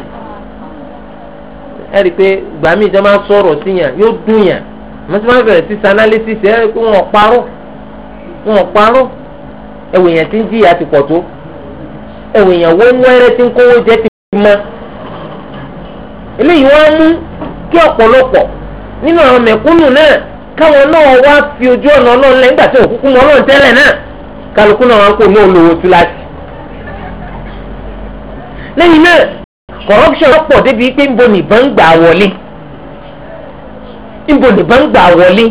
ẹ rí i pé ìgbà míì jẹ́ máa sọ̀rọ̀ sí yàn yóò dùn yàn àmọ́ tí wọ́n bẹ̀rẹ̀ sí sanalysis ẹ rí i pé wọ́n parọ́ wọ́n parọ́ ti ń jìyà ti pọ̀ tó ẹ̀wọ̀ èèyàn wọ́n ń wẹ́rẹ́ tí ń kówó jẹ́ ti mọ́ eléyìí wọ́n mú kí ọ̀pọ̀lọpọ̀ nínú àwọn mẹ̀kúnnù náà fi ojú ọ̀nà mọ́ kálukú náà wọn kò ní olówó túláàsì. lẹ́yìn náà corruption pọ̀ débi pé nbo nìbọn ń gbà wọlé nbo nìbọn ń gbà wọlé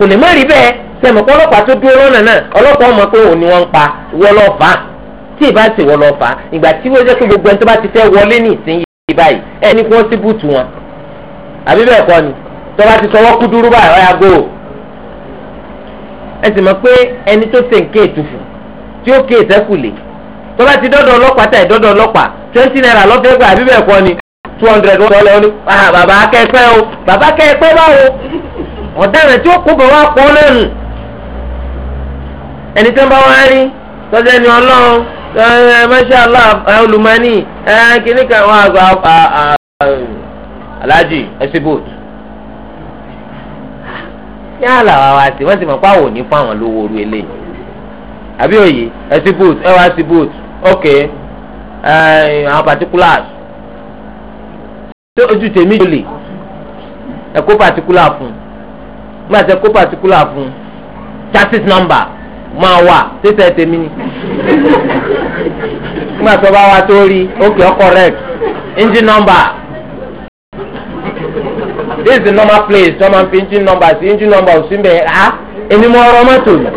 kò lè má rí bẹ́ẹ̀ sẹ́mi kọ́ ọlọ́pàá tó dúró lọ́nà náà ọlọ́pàá ọmọ pé òun ni wọ́n ń pa wọ́lọ́fà tí ì bá sì wọ́lọ́fà ìgbà tí wọ́n jẹ́ pé gbogbo ẹni tó bá ti fẹ́ wọlé ní ìsinyìí báyìí ẹ̀ ní kí wọ́n sí bùtù wọn àbí bẹ́ẹ̀ kọ́ ni tó bá ti sọ wọ́n kú báyìí ọ̀yà gbòò ẹ sì mọ̀ pé ẹni tó ṣe nǹkan ètùfù tí ó ké ìsẹ́kùlé tó bá ti dọ́dọ̀ ọlọ́pàá tàì dọ́dọ̀ ọlọ́pàá twenty naira lọ́fẹ́ gbà àbí bẹ́ẹ̀ kọ́ ni two hundred wọ́n lọ ní ah, bàbá akẹ́pẹ́ o bàbá akẹ́pẹ́ báwo ọ̀daràn tí ó kó bọ̀ wá pọ̀ lẹ́nu ẹni tó ń bá wọn rí tọ́jú ẹni ọlọ́run ẹ masha Allah olùmọ́ni ẹ kìnnìkan wọn àgbà ah, ah, aláàjì bòtù. kí á là wá wá sí wọ́n sì mọ̀ pé àwọn ò ní fún àwọn lówó orí eléyìí àbí òye ẹ sí boot ẹ wá sí boot ok àwọn particulars ṣé ojú tèmi yóò lè ẹ kó particular fún nígbà tí ẹ kó particular fún chassis number máa wà títẹ̀ tèmi ni nígbà tí wọ́n bá wá tó rí ok correct engine number this is the normal place tí wọ́n máa ń fi engine number sí engine number ò sí ń bẹ̀ á ah, èmi mọ ọ̀rọ̀ mọ́tò yìí.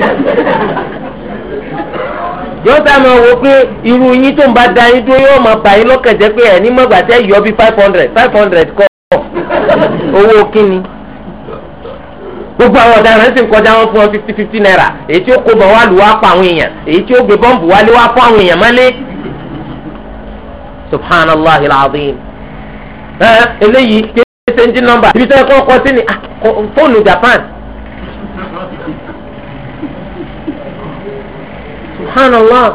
yóò sá máa wo pé irú yín tó ń bá da yín dúró yóò máa bà yín lọ́kàn jẹ́ pé ẹ̀ní mọ̀gbà tẹ́ yọ bí five hundred five hundred kọ́ owó kíni gbogbo àwọn ọ̀daràn sì ń kọjá wọn fún ọ fifty fifty naira èyí tí ó kó bọ̀ wá lù wá pa àwọn èèyàn èyí tí ó gbé bọ́ǹbù wálé wá fún àwọn èèyàn mọ́lé subhanallah ilaadim ẹ eléyìí ṣẹ́ńjì nọ́mbà ibi tó yẹ kó kọ́ sí ni ah, fóònù Japan. subhanallah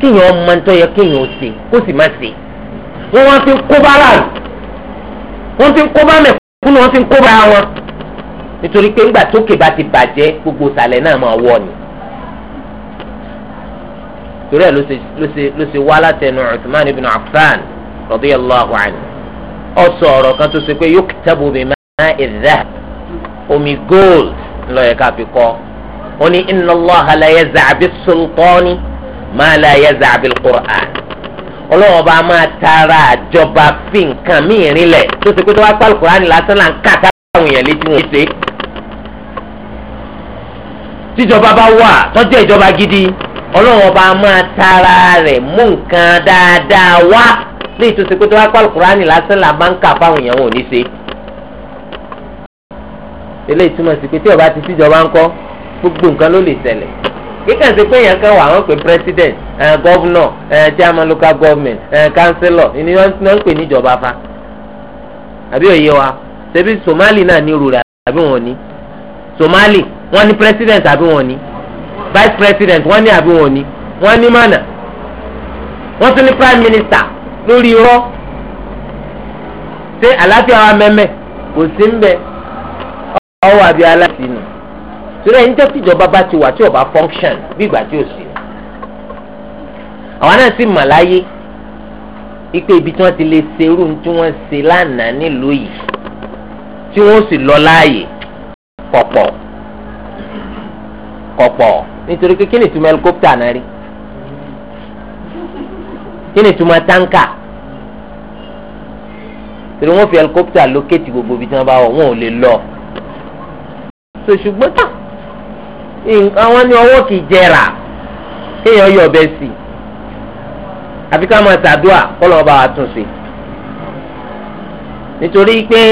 kéèyàn ọmọ ntọ́ yẹ kéèyàn ó ṣe kó sì má ṣe wọ́n wá fi ń kó bá láàrú wọ́n fi ń kó bá mẹ̀kúnnù wọ́n fi ń kó bá wọn nítorí pé ńgbà tókè bá ti bàjẹ́ gbogbo ìsàlẹ̀ náà máa wọ̀ ni torí ẹ̀ ló ṣe wá látẹnu Uthman ibn Affan radiyallahu anhu. ọsọ ọrọ kan tó ṣe pé ma bima idhab omi gold lọ́yẹ̀ ká fi kọ́ ó ní inna Allaha la yaz'a sultani ma la yaz'a quran ọlọ́wọ́n bá máa tara àjọba fi nǹkan míì rinlẹ̀ tó ṣe pé tó wá pàlù kúránì lásán là ń kà èèyàn létí wọn ṣe. tíjọba gidi ọlọ́wọ́n tara rẹ̀ mú nǹkan dáadáa wá lè tó ṣe pé tó wá pa alukurani lásán là máa ń kà fáwọn èèyàn wọn ò ní ṣe. eléyìí túmọ̀ sí pé tí ọba ti síjọba ń kọ́ gbogbo nǹkan ló lè ṣẹlẹ̀ kíkà sí pé èèyàn kan wà wọ́n pè president governor chairman local government councillor ni wọ́n ń pè níjọba fa àbí òye wa ṣebí Somali náà ní rúra àbí wọn ní Somali wọ́n ní president àbí wọn ní vice president wọ́n ní àbí wọn ní wọ́n ní mana wọ́n tún ní prime minister lórí irọ́ ṣé àlàáfíà wa mẹ́mẹ́ kò sí ń bẹ ọwọ́ àbí aláìsí nù torí ẹni tó tìjọba bá ti wà tí ọba function bí ìgbà tí ò sí àwọn náà sì mọ̀ láyé ipe ibi tí wọ́n ti lè ṣerú tí wọ́n ṣe lánàá nílùú yìí tí wọ́n sì lọ láàyè pọ̀pọ̀ pọ̀pọ̀ nítorí pé kí ni ìtumọ̀ ẹlikópítà náà rí kí ni ìtumọ̀ táǹkà torí wọ́n fi ẹlikọ́pítà lókèétì gbogbo ibi tí wọ́n bá wọ̀ wọ́n ò lè lọ. sọ ṣùgbọ́n tà àwọn ni ọwọ́ kì í jẹrà kéèyàn yọ ọbẹ̀ sí i àfi ká máa tàdúà kọ́lọ́ ọba wa tún sí i nítorí pé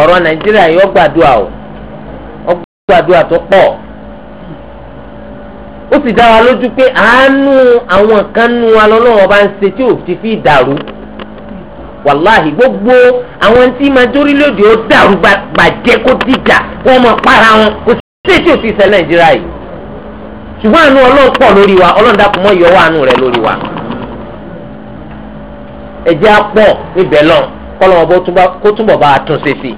ọ̀rọ̀ nàìjíríà yóò gbàdúà o ó gbàdúà tó pọ̀ ó sì dá wa lójú pé àánú àwọn kan nu wa lọ́lọ́wọ́ bá ń ṣe tí ò ti fi dàrú wàláhì gbogbo àwọn tí majorílódì ó dàrú bàjẹ́ kó dìjà wọ́n mọ̀ para wọn kò sí èsì òsì ìṣẹ̀ nàìjíríà yìí ṣùgbọ́n àánú ọlọ́run pọ̀ lórí wa ọlọ́run dàpọ̀ mọ́ ìyọwọ́ àánú rẹ̀ lórí wa ẹ̀jẹ̀ á pọ̀ níbẹ̀ lọ́n kọ́lọ́mọ kó túbọ̀ bá a tún ṣe sí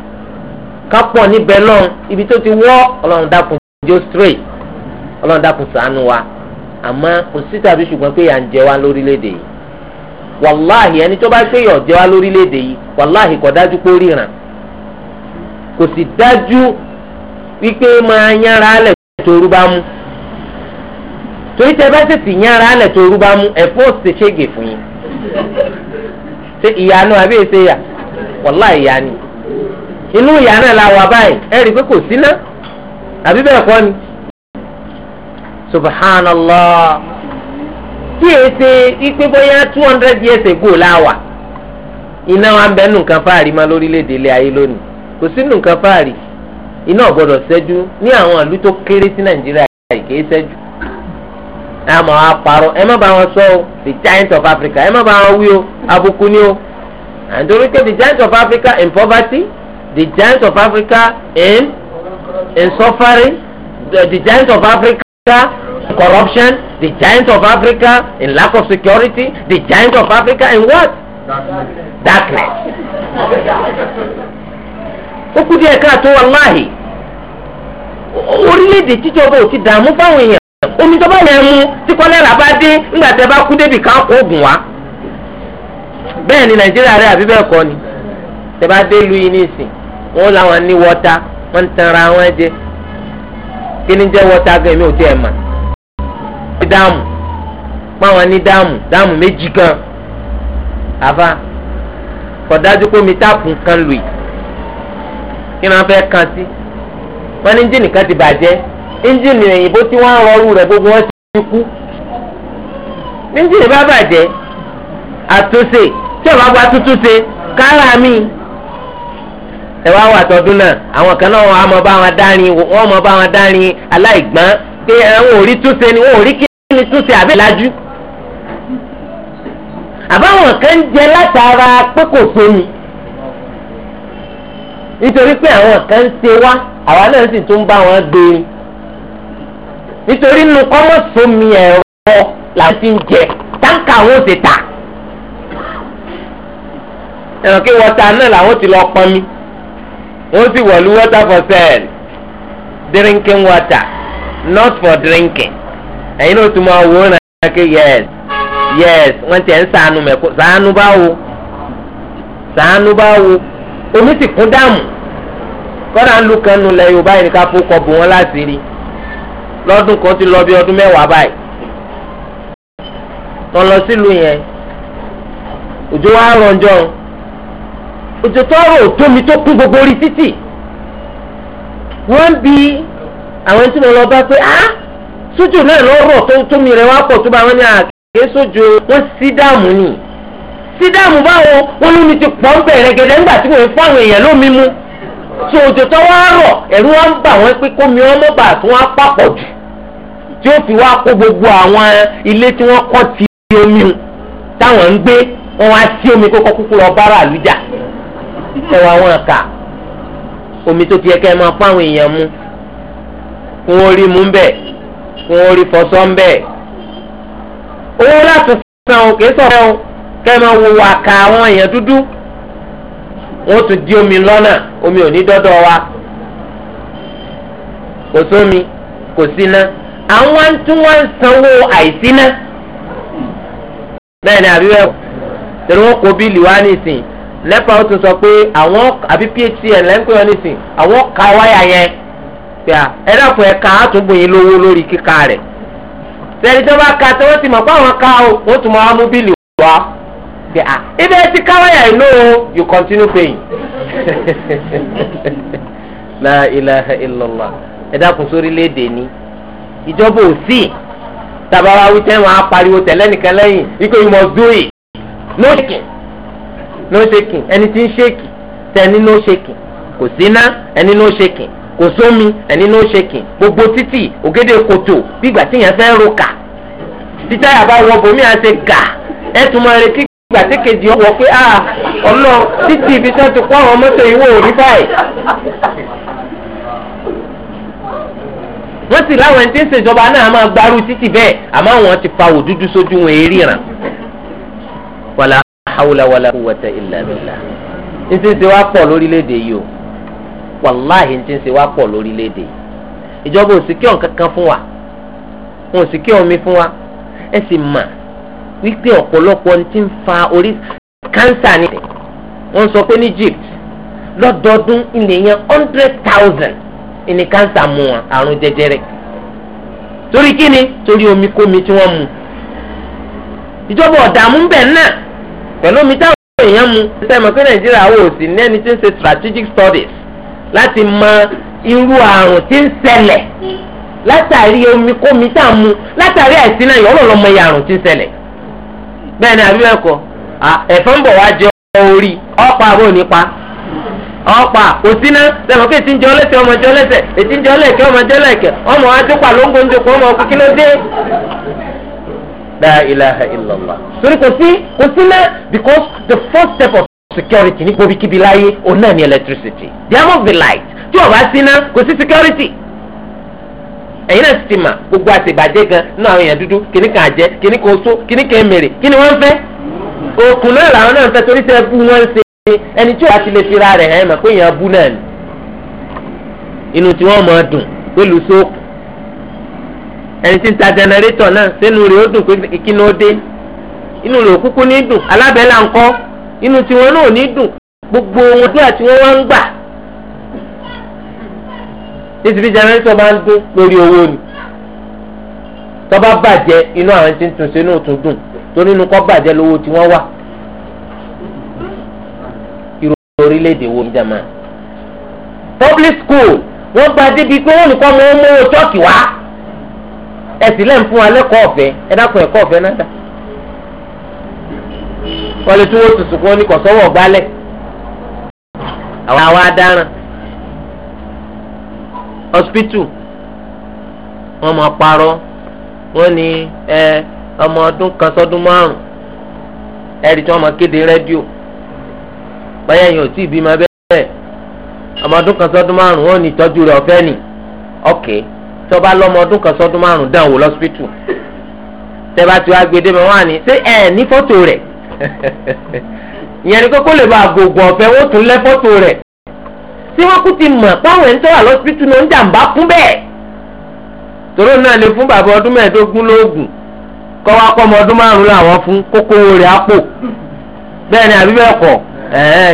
ká pọ̀ níbẹ̀ lọ́n ibi tó ti wọ́ ọlọ́run dàpọ̀ jó straight ọlọ́run dàpọ̀ ṣàánú wa àmọ́ òsì tàbí ṣùgbọ́n pé à ń jẹ wá lórílẹ̀‐èdè yìí wàláhì ẹni tó bá ṣe yọ̀ jẹ́ wá lórílẹ̀‐èdè yìí wàláhì kò dájú pé ó ríran kò sì dájú wípé máa yára alẹ̀ tó rú bá mú torí tẹ bá tètè yára alẹ̀ tó rú bá mú ẹ̀fọ́ ṣe ṣége fún yín ṣe ìyanu àbí èsè yà wàláhì ìyá inú ìyá náà la wà báyìí ẹ rí i pé kò sí ná àbí bẹ́ẹ̀ kọ́ ni subhanallah tí èyí ṣe ipe bóyá two hundred years ago láwà iná wa ń bẹ nǹkan fáàrí má lórílẹ̀‐èdè ilé ayé lónìí kò sí nǹkan fáàrí iná ọ̀gbọ́dọ̀ ṣẹ́jú ní àwọn ìlú tó kéré sí nàìjíríà yìí kì í ṣẹ́jú àmọ́ àparọ́ ẹ má bá wọn sọ o the giant of Africa ẹ má bá wọn wí o àbùkù ni o àdórí pé the giant of Africa in poverty the giant of Africa in in suffering the, the giant of Africa in corruption. The giant of Africa in lack of security, the giant of Africa in what? Darkness. O kú díẹ̀ káàtó wàláhì. Orílẹ̀-èdè tíjọba ò ti dààmú fáwọn èèyàn. Omi tó bá yẹn mu tí kọ́lẹ́rà bá dé nígbà tẹ́ bá kú débì ká oògùn wá. Bẹ́ẹ̀ ni Nàìjíríà rẹ̀ àbí bẹ́ẹ̀ kọ́ ni. Tẹ́ bá dé lu yìí nísìn, wọ́n láwọn ní wọ́ta, wọ́n ń tanra wọn jẹ. Kí ni jẹ́ wọ́ta gan-an mi ò tí ẹ̀ mọ̀ dáàmù páwọn ní dáàmù dáàmù méjì kan àfa kọ̀dájú pé omi táàpù kan lù yìí kí ni wọ́n fẹ́ kan sí wọ́n ní ẹ́ńjìnì kan ti bàjẹ́ ẹ́ńjìnì òyìnbó tí wọ́n rọrù rẹ̀ gbogbo wọn ti kú ẹ́ńjìnì bá bàjẹ́ àtúnṣe tí ọba gba tuntun ṣe kára mi ẹ wá wà tọdún náà àwọn kan náà wọn á mọ bá wọn dárin wọn mọ bá wọn dárin aláìgbọ́n pé àwọn ò rí túnṣe ni wọn ò rí kí ni tún ṣe àbí lajú àbáwọn kan jẹ látara pé kò sómi nítorí pé àwọn kan ṣe wá àwa náà sì tún bá wọn gbé e nítorí inú kọ́mọ̀ sómi ẹ̀rọ làwọn ti ń jẹ táǹkà àwọn ò sì tà ẹ̀ràn kí wọ́ta náà làwọn ti lọ pọnmi wọ́n sì wọ̀lú water for sale drinking water not for drinking ẹ̀yin náà tún máa wò ó náà ké yẹs yẹs wọ́n ti ẹ̀ ń sànù mẹ́kọ sànù báwo sànù báwo omi sì kún dààmú kọ́dà ń lu kanu lẹ Yorùbá yìí ká fowó kọ bò wọ́n láti rí lọ́dún kan ti lọ bí ọdún mẹ́wàá báyìí tọ́ lọ sílùú yẹn òjò wa rọ̀njọ́ òjò tó rò tómi tó kún gbogbo orí títì wọ́n bi àwọn tí mo lọ bá pé ah. tójú náà lọ rọ̀ tó tómi rẹ̀ wá pọ̀ tó bá wọn ní àkèké sójú wọn sí dààmú ni sí dààmú báwo wọn lómi ti pọ̀ ń bẹ̀rẹ̀ gẹ́gẹ́ nígbà tí wọ́n fún àwọn èèyàn lómi mu tó òjò tó wá rọ̀ ẹ̀rú wọn bà wọ́n pé bà wọ́n pàpọ̀ jù tí ó fi wá kó kí wọ́n rí fọṣọ ń bẹ̀. owó láti san òkè sọ̀rọ̀ o kẹ́ ẹ máa wo àkà àwọn èèyàn dúdú wọ́n tún di omi lọ́nà omi ò ní dọ́dọ̀ wa kò sómi kò síná àwọn tí wọ́n ń sanwó àìsíná bẹ́ẹ̀ ni àbí wẹ́ẹ̀ tẹ̀lé wọn kó bíìlì wá nísìn nepa ó tún sọ pé àwọn àbí phcn lẹ́ńpẹ́ wọn nísìn àwọn ká wáyà yẹn pé à ẹ dàpọ̀ ẹ̀ka àtúgbò yín lówó lórí kíka rẹ̀ sẹ́ni tó bá ka tó wọ́n ti mọ̀ pé àwọn ká o wọ́n tún máa mú bíìlì wá pé à ah, ibẹ̀ ti yìí you continue paying *laughs* la ilaha illallah ẹ dàpọ̀ sórí léde ni ìjọba ò sí tabawa wípé wọn á pariwo tẹ̀lé nìkan lẹ́yìn you must do it no shaking no shaking ẹni tí ń shaking tẹ̀ ní no shaking kò sí ná ẹni no shaking. kò sómi ẹni ní ó ṣèkìn gbogbo títì ògèdè kòtò gbígbà tí yẹn fẹ́ ro kà títà yàrá wọ bòmí à ń ṣe gà ẹ tún máa retí gbà tí kejì ọwọ́ pé a ọlọ títì ibi tí wọ́n ti kó àwọn mọ́tò ìwọ òní báyìí. wọ́n sì láwọn ẹni tí ń ṣèjọba náà máa gbarú títì bẹ́ẹ̀ àmọ́ àwọn ti fa òdúdú sójú wọn èrí ràn. wàlá hawla wàlá quwwata illa billah. ní ti ṣe wá pọ̀ lórílẹ̀‐èdè yìí o wàláhì ń ti ń ṣe wá pọ̀ lórílẹ̀‐èdè ìjọba ò sì kí ọ̀n kankan fún wa wọn ò sì kí omi fún wa ẹ sì mà wípé ọ̀pọ̀lọpọ̀ ń ti ń fa orí kánsà ní wọ́n sọ pé ní Egypt lọ́dọọdún ilẹ̀ yẹn hundred thousand ní kánsà mú wọn àrùn jẹjẹrẹ torí kí ni torí omi kómi tí wọ́n mu ìjọba ọ̀dààmú ń bẹ̀ náà pẹ̀lú omi táwọn èèyàn mu ṣe é mọ̀ pé Nàìjíríà wò sí ní ẹni tí ń ṣe strategic studies láti mọ irú àrùn tí ń ṣẹlẹ̀ látàrí omi kómi tá a mu látàrí àìsí náà yọ̀ọ́ lọ́mọ iye àrùn tí ń ṣẹlẹ̀ bẹ́ẹ̀ ni àbí mẹ́kọ̀ọ́ ẹ̀fọn ń bọ̀ wá jẹ orí ọ̀pá àbò nípa ọ̀pá òsínà sẹ̀mọ̀ kí ètí ń jẹ ọlẹ́sẹ̀ ọmọ jẹ ọlẹ́sẹ̀ ètí ń jẹ ọlẹ́kẹ̀ ọmọ jẹ ọlẹ́kẹ̀ ọmọ wa tó pa lóńgó ń dòkó ọmọ ọkọ kí ló dé. La ilaha illallah. torí kò sí kò sí náà because the first step of security ní kóbíkíbi láyé òun náà ní electricity there must be light tí o bá síná kò sí security ẹ̀yin náà ti mà gbogbo àtìbàjẹ́ gan náà àwọn èèyàn dúdú kíní kan àjẹ́ kíní kan oṣó kíní kan èmèrè kíni wọ́n fẹ́ òkun náà làwọn náà fẹ́ torí tẹ́ bú wọ́n ṣe ẹni tí o bá ti lè fira rẹ̀ hàn mà pé èèyàn bú náà ni inú tí wọ́n mọ̀ ọ́ dùn pẹ̀lú sóòkù ẹni tí ń ta jẹnẹrétọ̀ náà sínú rẹ̀ ó dùn pé kíni ó dé inú rẹ̀ òkúkú ní dùn alábẹ́lá ńkọ́ inú tiwọn náà ní dùn gbogbo wọn tí àti wọn wá ń gbà títí bí jẹnẹrétọ̀ máa ń dún lórí owó ni tó bá bàjẹ́ inú àwọn tí ń tún sínú tún dùn tó nínú kọ́ bàjẹ́ lówó tí wọ́n wà irú orílẹ̀-èdè wo ní jama public school wọ́n gba débi pé wọ́n nìkan mọ́ ọ́n mọ́ ọ́ chọ́ọ̀kì wá ẹ̀sìn lẹ́yìn fún wa lẹ́kọ̀ọ́ ọ̀fẹ́ ẹ̀dá kan ẹ̀kọ́ ọ̀fẹ́ náà dáa wọ́n lè tún wọ́n tutù kún ní kọ̀sọ́wọ́ gbálẹ̀ àwọn àwa dáràn hospital wọ́n máa parọ́ wọ́n ní ẹ ọmọ ọdún kan sọ́dún márùn ẹ̀rì tí wọ́n máa kéde rẹ́díò báyà yẹn ò tí ì bímọ bẹ́ẹ̀ ọmọ ọdún kan sọ́dún márùn wọ́n ní ìtọ́jú rẹ̀ ọ̀fẹ́ nì ọ̀kẹ́ tí wọ́n bá lọ́mọ ọdún kan sọ́dún márùn dán wò lọ́sípítù tẹ́ bá ti wá gbé dé mọ́ wọn à ní ṣé ẹ̀ ní fọ́tò rẹ̀ *laughs* ìyẹn ni kókó lè ba àgògùn ọ̀fẹ́ wọ́n tún lẹ́ fọ́tò rẹ̀ tí wọ́n kú ti mọ̀ páwọn ẹni tó lọ́sibítù náà ń fún bẹ́ẹ̀ tòró náà lè fún bàbá ọdún mẹ́ẹ̀ẹ́dógún lóògùn kọ́ wá kọ́ ọmọ ọdún márùn làwọn fún kókó owó rẹ̀ àpò bẹ́ẹ̀ ni àbí bẹ́ẹ̀ kọ́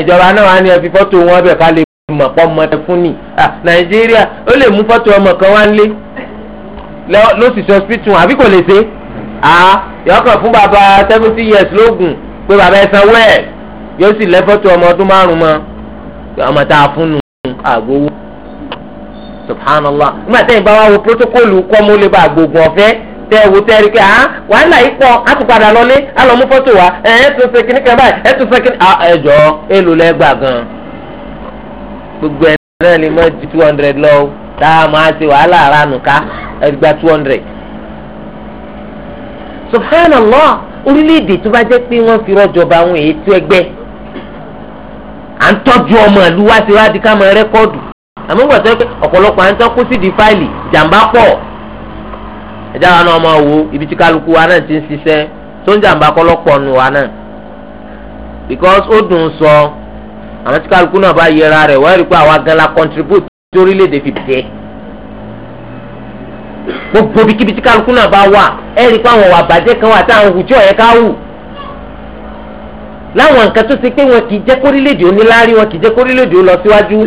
ìjọba náà wá ní ẹ fọ́tò wọn bẹ̀ ká lè mọ̀ pọ́ ẹ fún ni nàìjíríà ó lè mú fọ́tò ọmọ kan wá nílé lọ́sibítù àbí kò lè ṣe é yọkàn fún bàbá seventy years lóògùn pé bàbá ẹ sanwó ẹ̀ yóò sì lẹ́fọ́tò ọmọ ọdún márùn-ún mọ́ ọmọ tá a fún nù àgbowó subhanallah nígbà tẹ́yìn bá wá wo protocolu kọ́ mo lè ba àgbògùn ọ̀fẹ́ tẹ́ ẹ wo tẹ́ ẹ rí i pé ah wàhálà yìí pọ̀ á tún padà lọlé á lọ mú fọ́tò wa ẹ̀ ẹ́ tún fẹ́ kíní kan báyìí ẹ̀ tún fẹ́ kíní ah, ẹ jọ èlò lẹ́gbàá gan gbogbo ẹ̀ náà ni mo ju two hundred lọ tá a máa ṣe wàhálà ara nù ẹ gba two hundred subhanallah orílẹ̀-èdè tó bá jẹ́ pé wọ́n fi rọ́jọba àwọn èyí tó ẹgbẹ́ à ń tọ́jú ọmọ ìlú wá sí wá di ká máa rẹ́kọ́ọ̀dù àmọ́ ìgbà tó yẹ pé ọ̀pọ̀lọpọ̀ à ń tán kó sì di fáìlì jàǹbá pọ̀ ẹ̀dá wa náà máa wo ibi tí kálukú wa náà ti ń ṣiṣẹ́ tó ń jàǹbá kọ́lọ́pọ̀ nù wa náà because ó dùn sọ àwọn tí kálukú náà bá yẹra rẹ̀ wọ́n rí pé àwa gan la contribute tí orílẹ̀-èdè fi bẹ̀ẹ́ gbogbo bíkíbi tí kálukú náà bá wà ẹ rí i pé àwọn àbàjẹ́ kan wà táwọn òwú tí ọ̀yẹ́ ká wù láwọn nǹkan tó ṣe pé wọn kì í jẹ́ kórílẹ̀-èdè oníláárí wọn kì í jẹ́ kórílẹ̀ ó lọ síwájú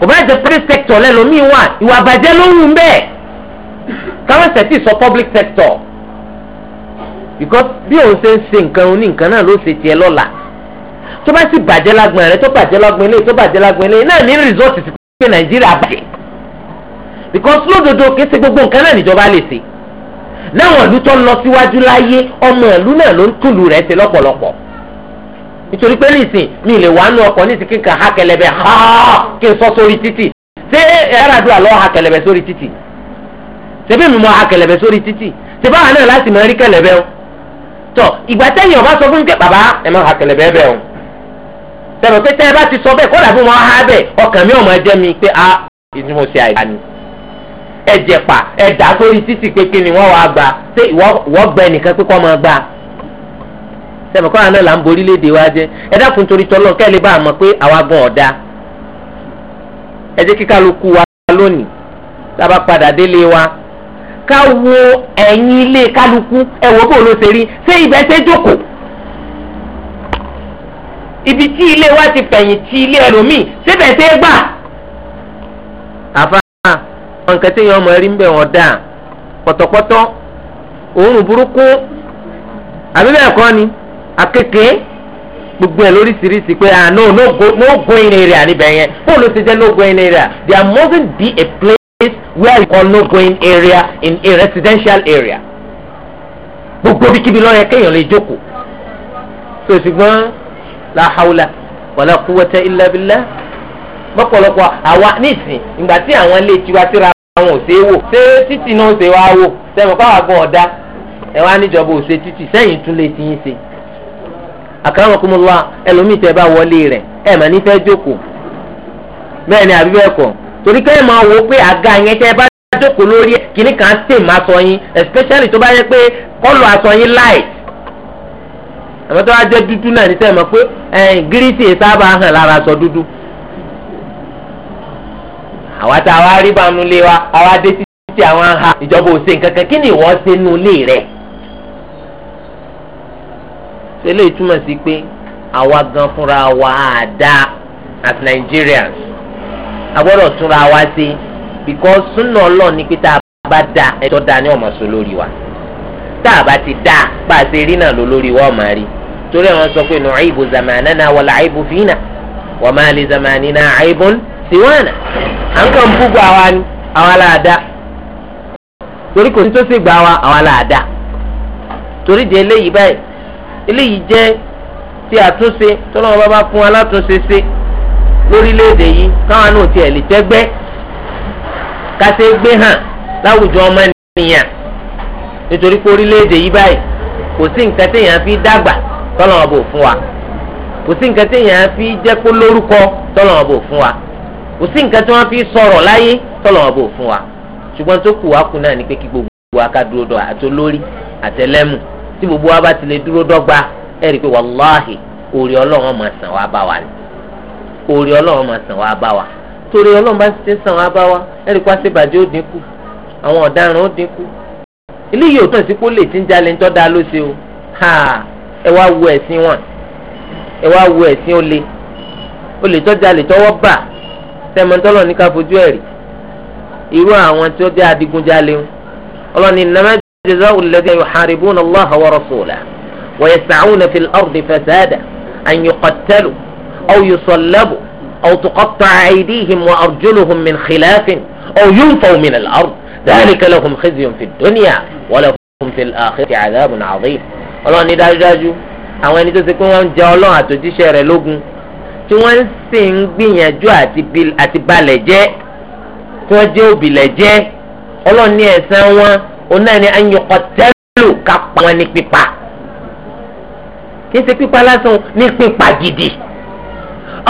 kò bá jẹ́ private sector lẹ́lòmíì wà ìwà àbàjẹ́ ló ń wù bẹ́ẹ̀ káwọn sẹ́tì sọ public sector because bí òun ṣe ń ṣe nǹkan òun ní nǹkan náà ló ṣe tiẹ̀ lọ́la tó bá sì bàjẹ́ lágbọ̀n rẹ tó bàjẹ́ lágbọ̀n ilé tó bàjẹ́ lágbọ̀n ilé náà ní rìsọ́ọ̀tì ti pé Nàìjíríà bàjẹ́ because lódodo kése gbogbo nǹkan náà níjọba lè ṣe láwọn ìlú tó lọ síwájú láyé ọmọ ìlú náà ló ń túlù rẹ̀ ṣe lọ́pọ̀lọpọ̀ nítorí pé nísìn mi lè wà nù ọkọ̀ nísìn kí ha kẹlẹbẹ ha kí n sọ sórí títì ṣé ẹ̀rọ̀dúrà lọ́ọ́ ha kẹlẹbẹ sórí títì ṣebí mi mọ ha kẹlẹbẹ sórí títì ṣebí àwọn náà láti máa rí kẹlẹbẹ o tọ ìgbà tẹ́yìn ọba sọ fún mi pé bàbá ẹ máa ha kẹlẹbẹ bẹ o tẹ̀rọ pé tẹ́ ẹ bá ti sọ bẹ́ẹ̀ kó dàbí wọn ha bẹ́ẹ̀ ọkàn mi ò máa jẹ́ mi pé a ah, ìdí mo ṣe ẹ̀jẹ̀pà ẹ̀dá sórí títì kéke ni wọ́n wàá gbà ṣé ìwọ́ gbẹ nìkan pé kọ́ máa gbà sẹ́mi kọ́ra náà là ń borí léde wa jẹ́ ẹ dákun torí tọ́lọ́ kẹ́lẹ́ bá a mọ̀ pé àwa gan ọ̀dà ẹ jẹ́ kí kálukú wa lónìí tá a bá padà délé wa ká wo ẹ̀yìn ilé kálukú ẹ wò bó ló ṣe rí ṣé ibẹ̀ ṣe jókòó ibi tí ilé wa ti fẹ̀yìn ti ilé ẹlòmíì ṣé bẹ̀ ṣe gbà àfa àwọn nǹkan tí yẹn ọmọ rí ń bẹ̀ wọ́n dà pọ̀tọ̀pọ̀tọ̀ òórùn burúkú àbí bẹ́ẹ̀ kọ́ ni ah no no go no area níbẹ̀ yẹn bóòlù ti jẹ́ no going area there mustn't be a place where you call no going area in a residential area gbogbo bíkíbi lọ́yẹ kéèyàn lè jókòó so ṣùgbọ́n la hawla wala quwwata illa billah mọ́pọ̀lọpọ̀ àwa nísìn ìgbà tí àwọn ilé tiwa síra ṣe wò ṣé títì náà ṣe wá wò sẹ́wọ̀n káwá gan ọ̀dá ẹ̀ wá níjọba òṣè títì sẹ́yìn tún lè ti yín ṣe. àkàràmọ̀kúmọ̀lá ẹlòmíì tẹ́ bá wọlé rẹ̀ ẹ̀ mà ní fẹ́ jókòó bẹ́ẹ̀ ni àbí bẹ́ẹ̀ kọ́ torí kẹ́yìn máa wò pé àga yẹn tẹ́ bá jókòó lórí kìnnì kan tè má sọ yín especially tó bá yẹ pé kọ́lù aṣọ yín light àmọ́ tó bá jẹ́ dúdú náà ní sẹ́yìn pé gírísì sábà hàn lára aṣọ dúdú. àwa tá a wá rí bánú lé wa àwa dé títí àwọn aha ìjọba ò ṣe nǹkan kan kí ni ìwọ ṣe nù lé rẹ. tẹ́lẹ̀ ìtumọ̀ sí pé àwa gan fúnra wa dá as Nigerians a gbọ́dọ̀ túnra wa ṣe because súnà ọlọ́ọ̀ ni pé tá dá ẹjọ́ dá ní ọmọ sọ lórí wa tá a bá ti dá bá a ṣe rí náà lọ lórí wa ọmọ rí torí àwọn sọ pé nù àìbù zamanana wàlà àìbù fínà wàmà àlè zamanina àìbù tiwana. à ń kàn bú gba wa ni torí kò gba wa àwa di eléyìí báyìí eléyìí ti àtúnṣe tọ́lọ́mọ bá bá fún wa látúnṣe ṣe lórílẹ̀‐èdè yìí káwọn náà tiẹ̀ lè tẹ́gbẹ́ kásẹ̀ gbé hàn láwùjọ ọmọnìyàn nítorí pé orílẹ̀-èdè yìí báyìí kò sí nǹkan téèyàn fi dàgbà bò fún wa kò sí nǹkan fi wa. kò sí nǹkan tí wọ́n fi sọ̀rọ̀ láyé tọ́lọ̀ wọn bò fún wa ṣùgbọ́n tó kù wá kù náà ni pé kí gbogbo wa ká dúró dọ̀ àti olórí àtẹlẹ́mù tí gbogbo wa bá ti lè dúró dọ́gba ẹ rí i pé wàláhì orí ọlọ́run máa sàn wá bá wa ni orí ọlọ́run máa sàn wá bá wa torí ọlọ́run bá ti sàn wá bá wa ẹ rí i pé àṣebàjẹ́ ó dínkù àwọn ọ̀daràn ó dínkù eléyìí ò tàn sí pé ó ń jalè ń tọ́ da lóṣè o ẹ wá wo ẹ̀sìn wọn ẹ wá wo ẹ̀sìn ó le tọ́jà lè tọ́wọ́ bà sẹ́mọ̀tọ́lọ̀ ní ká fojú ẹ̀rí irú àwọn tí ó jẹ́ adigunjalè ń ọlọ́ni innama jaza'u alladhina yuharibuna Allaha wa rasulahu wa yas'una fil ardi fasada an yuqattalu aw yusallabu aw tuqatta'a aydihim wa arjuluhum min khilafin aw yunfaw min al-ard dhalika lahum khizyun fid dunya tí wọ́n sì ń gbìyànjú àti balẹ̀ jẹ́ tí wọ́n jẹ́ òbílẹ̀ jẹ́ ọlọ́run ní ẹ̀san wọn onáà ní ayọ̀kọ̀ tẹ́lù ká pa wọn ní pípa kì í ṣe pípa lásán ní pípa gidi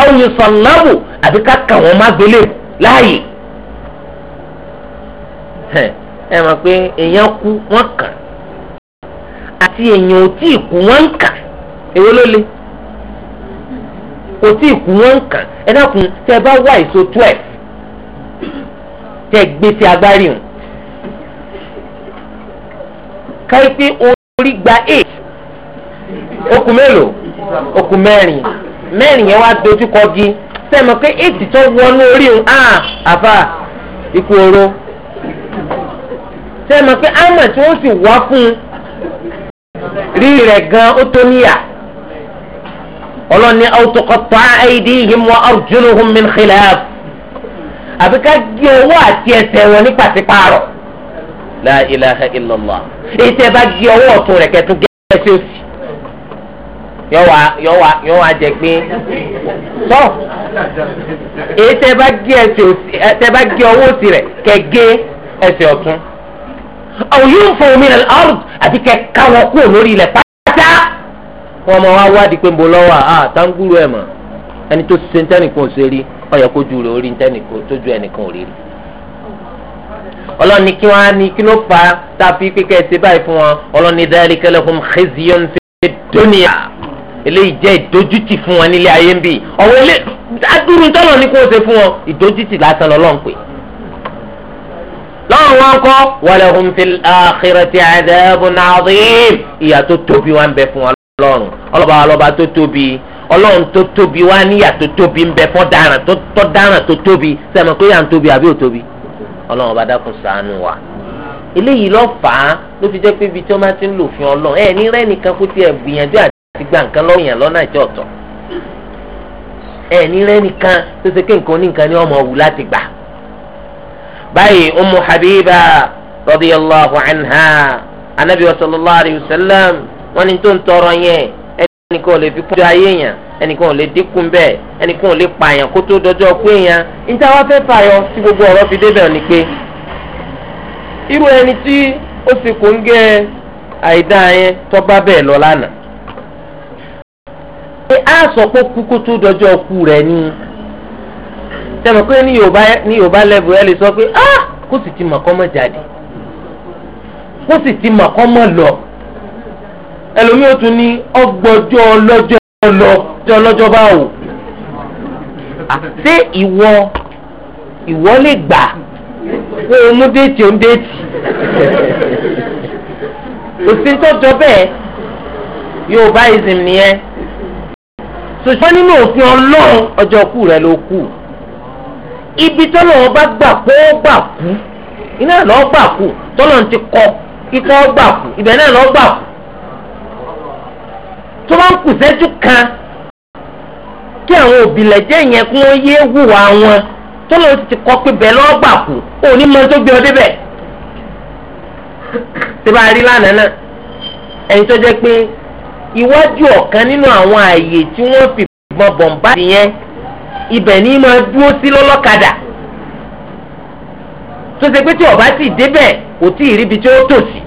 ọ̀hún sọ̀lọ́wù àbí ká kà wọ́n má gbélé láàyè ẹ mọ̀ pé èèyàn kú wọ́n kàn àti èèyàn ò tí ì kú wọ́n ń kàn èwo ló le kò tí ì kú wọn kàn ẹ dákun tẹ bá wá èso twelve tẹ gbé sí agbárí hàn kárí pé orí gba eight okùn mélòó okùn mẹ́rin mẹ́rin yẹn wá dojú kọ gí sẹ́mi pé eight tó wọnú orí hàn á ah, àbá ikú oró sẹ́mi pé àmọ̀ tí wọ́n sì wá fún un gan ó tó níyà ọlọ́run ní aw tuqatta'a aydihim wa arjuluhum min khilaf àbí ká gé ọwọ́ àti ẹsẹ̀ wọn ní pàṣípààrọ̀ la ilaha illallah ètò ẹ bá gé ọwọ́ ọ̀tún rẹ̀ kẹ́tù gẹ́gẹ́ sí òsì yọwà yọwà yọwà jẹ pé tọ ètò bá gé ẹsẹ̀ òsì ẹtẹ bá gé ọwọ́ òsì rẹ̀ kẹ́gẹ́ ẹsẹ̀ ọ̀tún aw yunfaw min al-ard àti kẹ́ káwọn kúrò lórí ilẹ̀ pátá wọn mọ wá wádìí pé ń bo lọ́wọ́ à táǹgùrù ẹ̀ mọ̀ ẹni tó ṣe tẹ́nìkan ò ṣe rí ó yẹ kójú rẹ̀ orí tẹ́nìkan tójú ẹnìkan ò rí rí. ọlọ́ni kí wọ́n á ní kí ló fà á tá a fi báyìí fún wọn ọlọ́ni dhalika lahum khizyun fid dunya eléyìí jẹ́ ìdójútì fún wọn nílé ayé ń bì ọ̀wọ́ ilé adúrú tọ́lọ̀ ní kó ṣe fún wọn ìdójútì lásán lọ́lọ́run pé lọ́run wọn kọ́ walahum fil akhirati adhabun adhim ìyà tó tóbi wọn bẹ fún wọn lọ́rùn ọlọ́ba ọlọ́ba tó tóbi ọlọ́run tó tóbi wá níyà tó tóbi tobi, bẹ fọ́ dáràn tó dáràn tó tóbi sẹ́mi pé yà ń tóbi àbí ò tóbi ọlọ́run ọba dákun ṣàánú wa. eléyìí lọ fà á ló fi jẹ́ pé ibi tí wọ́n máa ti ń lò fún ọlọ́run ní àti gba nǹkan ìjọ ní tó ṣe pé nǹkan oníkan ni ọmọ wù láti Habiba anha wọ́n ni tó ń tọrọ yẹn ẹnìkan ò lè fi kúndú ayé yẹn ẹnìkan ò lè dínkù bẹ́ẹ̀ ẹnìkan ò lè pààyàn kó tó dọjọ pé yẹn níta wá fẹ́ gbogbo ọ̀rọ̀ fi débẹ̀ ni pé irú ẹni tí ó sì kò ń gẹ àìdá yẹn lọ lánàá ṣé a sọ pé kú kó tó ni tẹmọ pé ní yorùbá ní yorùbá ti ti lọ. ẹlòmíì ó tún ní ọgbọ́jọ́ ọlọ́jọ́ ọlọ́jọ́ ọlọ́jọ́ bá wò. àti ìwọ ìwọ lè gbà pé o mú déètì o ń déètì òfin tó jọ bẹ́ẹ̀ yorùbá ìsìn nìyẹn ṣùgbọ́n nínú òfin ọlọ́run ọjọ́ kú rẹ ló kù ibi tọ́lọ́run bá gbà pé ó gbà kú iná lọ́ọ́ gbà kú tọ́lọ́run ti kọ ikọ́ gbà kú ibẹ̀ náà lọ́ọ́ gbà kú tó bá ń kù sẹ́jú kan kí àwọn òbílẹ̀jẹ́ yẹn kí wọ́n yé wùwà wọn tó lóun ti kọ́ pé bẹ́ẹ̀ lọ́ọ́ gbà kú òní mọ tó gbé ọ débẹ̀ tí bá rí lánàá náà ẹni tó jẹ́ pé iwájú ọ̀kan nínú àwọn ààyè tí wọ́n fi bọ̀ bọ̀m̀bá yẹn ibẹ̀ ní máa dúró sí lọ́lọ́kadà tó ṣe pé tí ọba ti débẹ̀ kò tí ì ríbi tí ó tòsí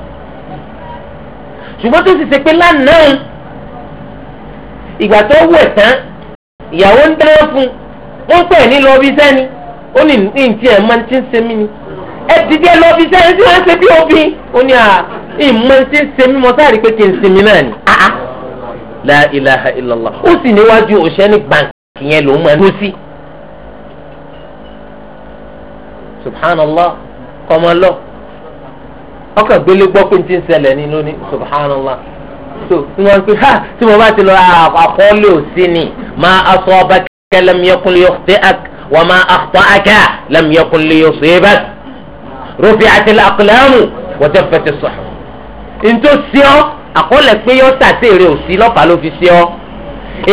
ṣùgbọ́n tó sì ṣe pé lánàá ìgbà tó wẹ̀ tán ìyàwó ń fún un wọ́n pè ní lọ́ọ́bí ó ní ẹ̀ máa ti ń ṣe mí ni ẹ dìde lọ́ọ́bí sẹ́ni tí wọ́n ń ṣe bí ó ní ìmọ̀ ti ni ah, ah. la ilaha illallah ó sì níwájú òṣèlú báńkì yẹn ló máa subhanallah kọ́mọ lọ ọkàn gbélé gbọ́ pé n ti ń ṣẹlẹ̀ so wọ́n pe ha tí mo bá ti lọ àkọọ́lẹ̀ òsì ni ma asabaka lam yakun liyukhti'ak wa ma akhta'aka lam yakun liyusibak rufi'atil aqlamu wa jaffatis suhuf. ntọ́ sí ọ àkọọ́lẹ̀ pé yọ tàtẹ́ èrè òsì lọ́pàá ló fi sí ọ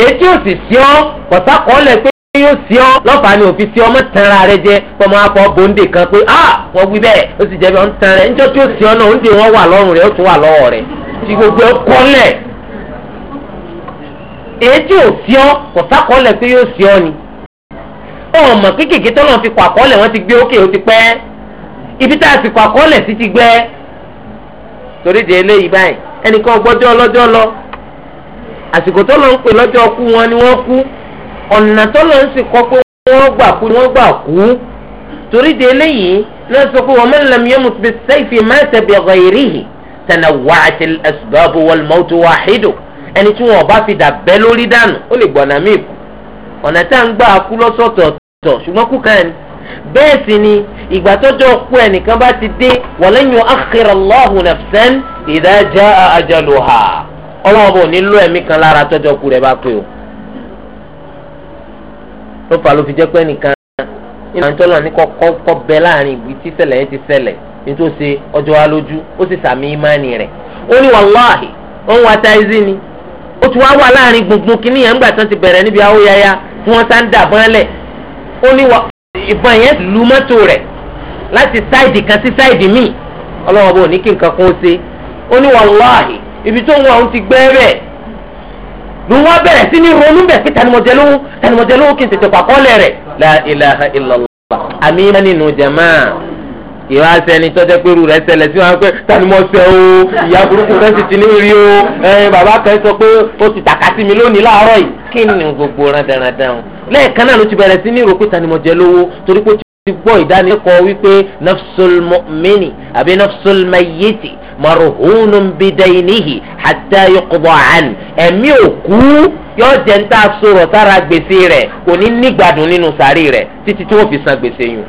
èyí tí ó sì sí ọ kọ̀sákọ̀ọ́lẹ̀ pé yóò sí ọ lọ́fàá ni òfin sí ọ mọ́ rẹ jẹ kọ́mọ akọ bòńdè kan pé ah wọ́n wí bẹ́ẹ̀ ó sì jẹ́ bí wọ́n ń tan rẹ níjọ́ tí ó sí ọ náà ó ń dè wọ́n wà lọ́rùn rẹ ó tún wà lọ́wọ́ rẹ tí gbogbo ẹ kọ́lẹ̀ èyí tí ò sí ọ kò sákọ́lẹ̀ pé yóò sí ọ ni ọ̀hún mọ̀ pé kékeré tọ́lọ́ fi kọ àkọọ́lẹ̀ wọn ti gbé ókè ó ti pẹ́ ibi tá a ti kọ àkọọ́lẹ̀ sí ti gbẹ́ torí di eléyìí báyìí ẹnìkan gbọ́jọ́ ọlọ́jọ́ lọ àsìkò tọ́lọ́ ń pè lọ́jọ́ kú wọn ni wọ́n kú ọ̀nà tọ́lọ́ ń sì kọ́ pé wọ́n gbà kú ni wọ́n gbà kú torí di eléyìí lọ́sọ̀ pé wọ́n man lam yamut bis sayfi mata bi ghayrihi tanawwa'at al-asbab wal mawtu wahidu ẹni tí wọn bá fi dà bẹ́ lórí dànù ó lè gbọ̀nà míì kú ọ̀nà tá à ń gbà kú lọ́sọ̀tọ̀ọ̀tọ̀ ṣùgbọ́n kú kan ni bẹ́ẹ̀ sì ni ìgbà tọ́jọ́ kú ẹnìkan bá ti dé walan yu'akhkhira Allahu nafsan idha jaa ajaluha ọlọ́wọ́ bò ní lọ ẹ̀mí kan lára tọ́jọ́ kú rẹ̀ bá pé o. ló fà ló fi jẹ́ pé ẹnìkan nínú àwọn tọ́lọ̀ ní kọ́kọ́ bẹ láàrin ìgbì tí ṣẹlẹ̀ yẹn ti ṣẹlẹ̀ nítòsí ọjọ́ wa lójú ó sì sàmì ìmánì rẹ̀ ó ní wàláhì ó ń wa táìzì ni ó ti wá wà láàrin gbùngbùn kínní yẹn ńgbà tán ti bẹ̀rẹ̀ níbi awóyáyá tí wọ́n sá ń dà bọ́nlẹ̀ ó ní ìbọn yẹn lu mọ́tò rẹ̀ láti sáìdì kan sí sáìdì míì ọlọ́wọ́n bò ní kí nǹkan kún ó ṣe ó ní wàláhì ibi tó ń wà ó ti gbẹ́ bẹ́ẹ̀ ló wá bẹ̀rẹ̀ sí ní ronú bẹ̀ pé tanimọ̀jẹ́ lówó tanimọ̀jẹ́ lówó kí n tètè pàkọ́lẹ̀ rẹ̀ la ilaha illallah àmì ìmánì nù jàmáà ìwà sẹni tọ́jọ́ pé irú rẹ̀ ṣẹlẹ̀ sí wọn pé tani mo ṣe o ìyá burúkú rẹ̀ sì ti ní rí o bàbá kan sọ pé o ti tàkàtì mi lónìí láàárọ̀ yìí kí ni gbogbo rán dáradára lẹ́ẹ̀kan náà ló ti bẹ̀rẹ̀ sí ní rò pé tani mo jẹ lówó torí pé ti gbọ́ ìdánilẹ́kọ̀ọ́ wípé nafsul mu'mini àbí nafsul mayyiti marhunun bidaynihi hatta yuqda an ẹ̀mí òkú yóò jẹ́ ń tà sọ̀rọ̀ sára gbèsè rẹ̀ kò ní nígbàdùn nínú sàárì rẹ̀ títí tí wọ́n fi san gbèsè yùn.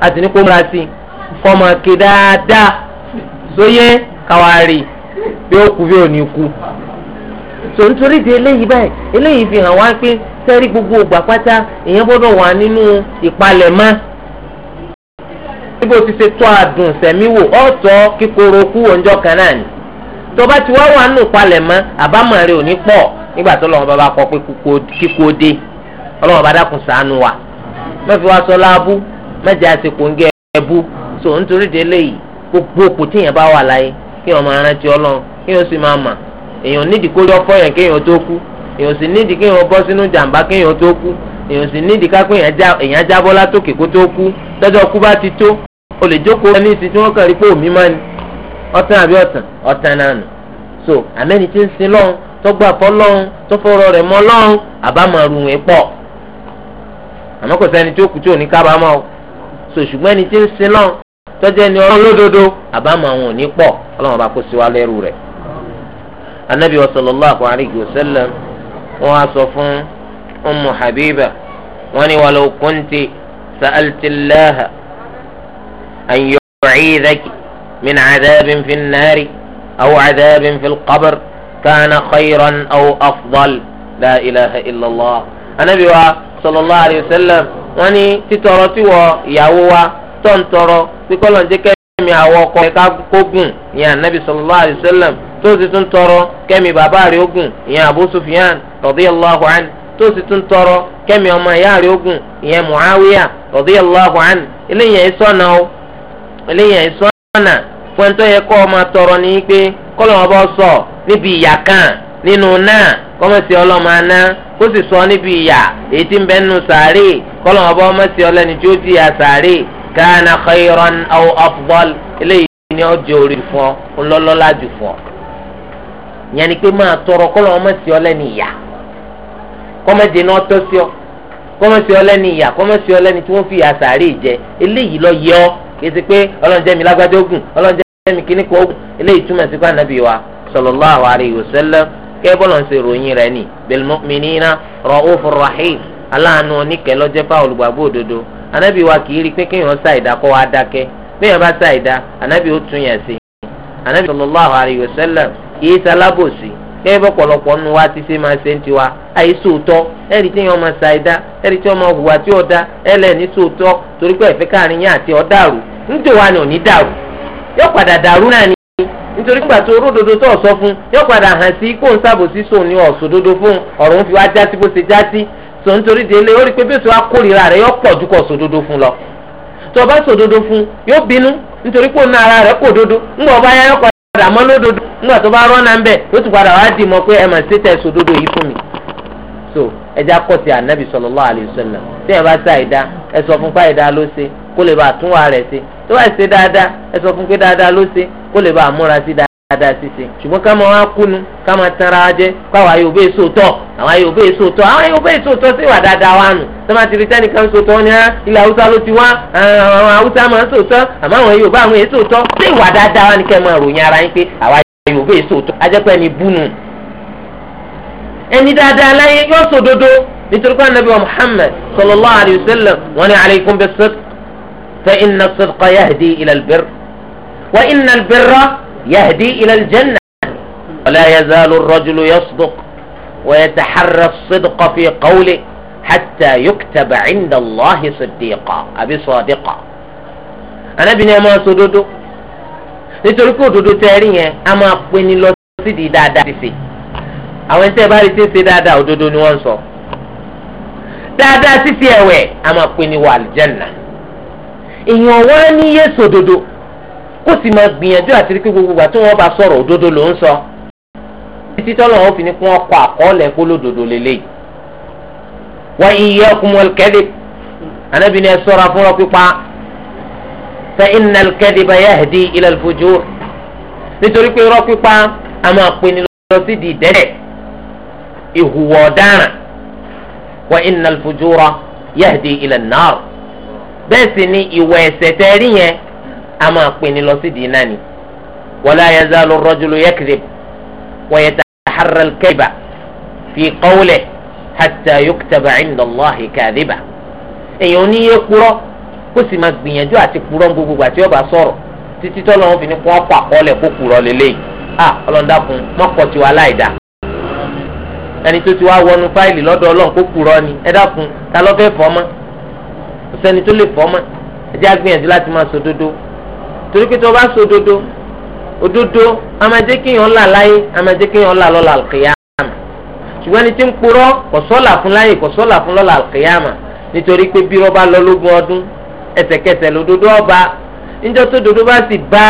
àti ní kó múra sí kọ́ máa ké dáadáa sóyè káwárì bí ó kú bí ò ní kú tò nítorí di eléyìí báyìí eléyìí fi hàn wá pé sẹ́rí gbogbo ògbà pátá èèyàn gbọ́dọ̀ wà nínú ìpalẹ̀mọ́ níbo ti ṣe tó àdùn wò ọ̀tọ̀ kíkorò kú kan náà ni tó bá ti wá wà nù palẹ̀mọ́ àbámọ̀ rẹ̀ ò ní pọ̀ nígbà tó lọ́wọ́ bàbá pé kíkó dé ọlọ́wọ́ bá mẹjẹ àsìkò ń gẹ ẹbú so nítorí délé yìí gbogbo òpò tí èèyàn bá wà láyé kí èèyàn máa rántí Ọlọ́run kí èèyàn sì máa mà èèyàn nídìí kó lọ́fọ́ yẹn kí èèyàn tó kú èèyàn sì nídìí kí èèyàn bọ́ sínú jàǹbá kí èèyàn tó kú èèyàn sì nídìí ká èèyàn jábọ́ látòkè kó tó kú lọ́jọ́ kú bá ti tó o lè jókòó ní ìsìn tí wọ́n kàn rí pé òmí máa ní ọ̀tàn àbí ọ̀tàn ọ̀tàn náà nù so àmẹ́ni tí ń sin lọ́hùn tọ́gbà fọ́ lọ́hùn tọ́fọ́rọ́ rẹ̀ mọ́ lọ́hùn àbámọ̀rù ń pọ̀ àmọ́ kò sẹ́ni tó kù tí ò ní kábàámọ̀ o so ṣùgbọ́n ẹni tí ń sin náà tọ́jú ẹni ọlọ́run lódodo àbámọ̀ àwọn ò ní pọ̀ ọlọ́run bá kó sí wa lẹ́rù rẹ̀. anabi wa sallallahu alayhi wa sallam wọn á sọ fún ummu habiba wọn ni walaw kunti sa'altillaha an yu'idhaki min adhabin fi nari aw adhabin fi qabr kana khayran aw afdal la ilaha illallah anabi wa sallallahu alayhi wa sallam wọ́n ní títọrọ tíwọ ìyàwó wa tó ń tọrọ pípọ́lọ̀ jẹ́ kẹ́mi àwọn ọkọ ẹ̀ka kógùn ìyẹn anabi sallallahu alayhi wa sallam tó sì tún tọrọ kẹ́mi bàbá rẹ̀ ogun ìyẹn abu sufyan radiyallahu anhu tó sì tún tọrọ kẹ́mi ọmọ ìyá rẹ̀ ogun ìyẹn muawiya radiyallahu anhu eléyìí sọ̀nà o eléyìí sọ̀nà fún ẹni tó yẹ kó ọmọ tọrọ ní pé kọ́lọ́ ọba sọ níbi ìyà kan nínú náà kọ́mọ̀sí ọlọ́mọ aná kó sì sọ níbi ìyà èyí tí ń bẹ nínú sàárè kọ́lọ́mọ bá ọmọsí ọlẹ́ni tí ó di ìyà sàárè kana khayran aw afdal eléyìí ni ó jẹ orí fún ọ ńlọ́lọ́lá jù fún ọ. ìyẹn ni pé máa tọrọ kọ́lọ́mọ ọmọsí ọlẹ́ni ìyà kọ́mọ̀dé náà tọ́ sí ọ kọ́mọ̀sí ọlẹ́ni ìyà kọ́mọ̀sí ọlẹ́ni tí wọ́n fi ìyà sàárè jẹ eléyìí ló yẹ ọ́ kì í ti pé sallallahu alayhi wa kébọlọ ń ṣe ròyìn rẹ̀ ni bil mu'minina ra'ufur rahim aláàánú oníkẹ lọjẹ fáwọn olùgbàgbọ́ òdodo anabi wa kì í rí pé kéèyàn ṣàìdá kó wá dákẹ́ bá ṣàìdá anabi ó tún si sí anabi alayhi ti ṣe máa ṣe ń tiwa àyè sòótọ́ tí máa ṣàìdá tí máa hùwà tí ọ̀dá ní torí nítorí gbà tó ródòdó tó ọ̀sọ́ fún yóò padà hàn sí kó ń sábòsí sóun ní dodo fún ọ̀rùn fi wá bó ṣe sọ nítorí délé ó rí pé bẹ́ẹ̀ tó wá kórìíra rẹ̀ yóò pọ̀ ju kọ̀ sódódó fún lọ tó bá fún yóò bínú nítorí pé òun ara rẹ̀ dodo ńgbà ọba ya yọkọ padà mọ́ lódodo ńgbà tó bá rọ́nà yóò tún padà wá dì mọ́ pé ẹ ṣe tẹ̀ fún mi. so tó bá ṣe dáadáa ẹ sọ fún pé dáadáa ló ṣe kó lè bá a múra sí dáadáa ṣiṣe ṣùgbọ́n ká máa wá kúnu ká máa tanra wa jẹ káwa yóò bẹ́ẹ̀ sòótọ́ àwọn yóò bẹ́ẹ̀ sòótọ́ àwọn yóò bẹ́ẹ̀ sòótọ́ sí ìwà dáadáa wa nù sọ́mà ti rí sẹ́nìkan sòótọ́ ní ah, ilẹ̀ haúsá ló ti wá àwọn haúsá máa ń sòótọ́ àmọ́ àwọn yóò bá àwọn èyí sòótọ́ sí ìwà dáadáa wa ni kẹ́ máa ròyìn ara yín pé àwa yóò bẹ́ẹ̀ sòótọ́ ajẹ́pẹ́ ni búnu ẹni dáadáa láyé Muhammad sallallahu alayhi wa sallam wọn ni alaykum فإن الصدق يهدي إلى البر وإن البر يهدي إلى الجنة ولا يزال الرجل يصدق ويتحرى الصدق في قوله حتى يكتب عند الله صديقا أبي صادقا أنا بني أما سدود نتركو دودو تاريه أما أقويني لو سيدي دادا سي أو أنت باري سيدي دادا ودودو نوانسو دادا سيسي أوي أما أقويني والجنة èèyàn wá ní yéésù òdodo kó sì máa gbìyànjú àti rí pé gbogbo ìgbà tí wọ́n bá sọ̀rọ̀ òdodo ló ń sọ títí tọ́lọ̀ wọn fi ni kí wọ́n kọ àkọọ́lẹ̀ gbólódodo lélẹ́yìí wa iyyakum wal kadhib Ànábì ẹ ṣọ́ra fún pípa fa innal kadhiba yahdi ila al fujur nítorí pé irọ́ pípa a máa pè ní lọ sí di ìdẹ́dẹ̀ ìhùwà ọ̀daràn wa innal fujura yahdi ila an-nar bẹ́ẹ̀ sì ni ìwà ẹ̀ṣẹ̀ tẹ́ rí yẹn a máa pè ní lọ sídìí náà ni. wala yazalu rajulu yakdhib wa yataharra al-kayba fi qawlihi hatta 'inda Allahi kadhiba. èèyàn oníyé purọ́ kó sì máa gbìyànjú àti purọ́ gbogbo àti ó bá títí tọ́lọ́ wọn fi ní kó ọ̀pọ̀ àkọọ́lẹ̀ kó a lélẹ́yìí ah ọlọ́ndàkùn mọ́kọ̀ tiwa láìda ẹni tó ti wá wọnú ni ẹ dákun ta fẹ́ sẹ́ni tó lè fọ́ mọ́ ẹjẹ́ àgbìyànjú láti máa sòdodo torí pé tí wọ́n bá sòdodo òdodo a máa jẹ́ kéèyàn là láyé a máa jẹ́ kéèyàn là lọ́la àlùkìyàmà ṣùgbọ́n ẹni tí ń purọ́ kò sọ́là fún láyé kò sọ́là fún lọ́la àlùkìyàmà nítorí pé bí rọ́bà lọ lógún ọdún ẹsẹ̀kẹsẹ̀ lòdodo ọba níjọ́ tó dodo bá sì bá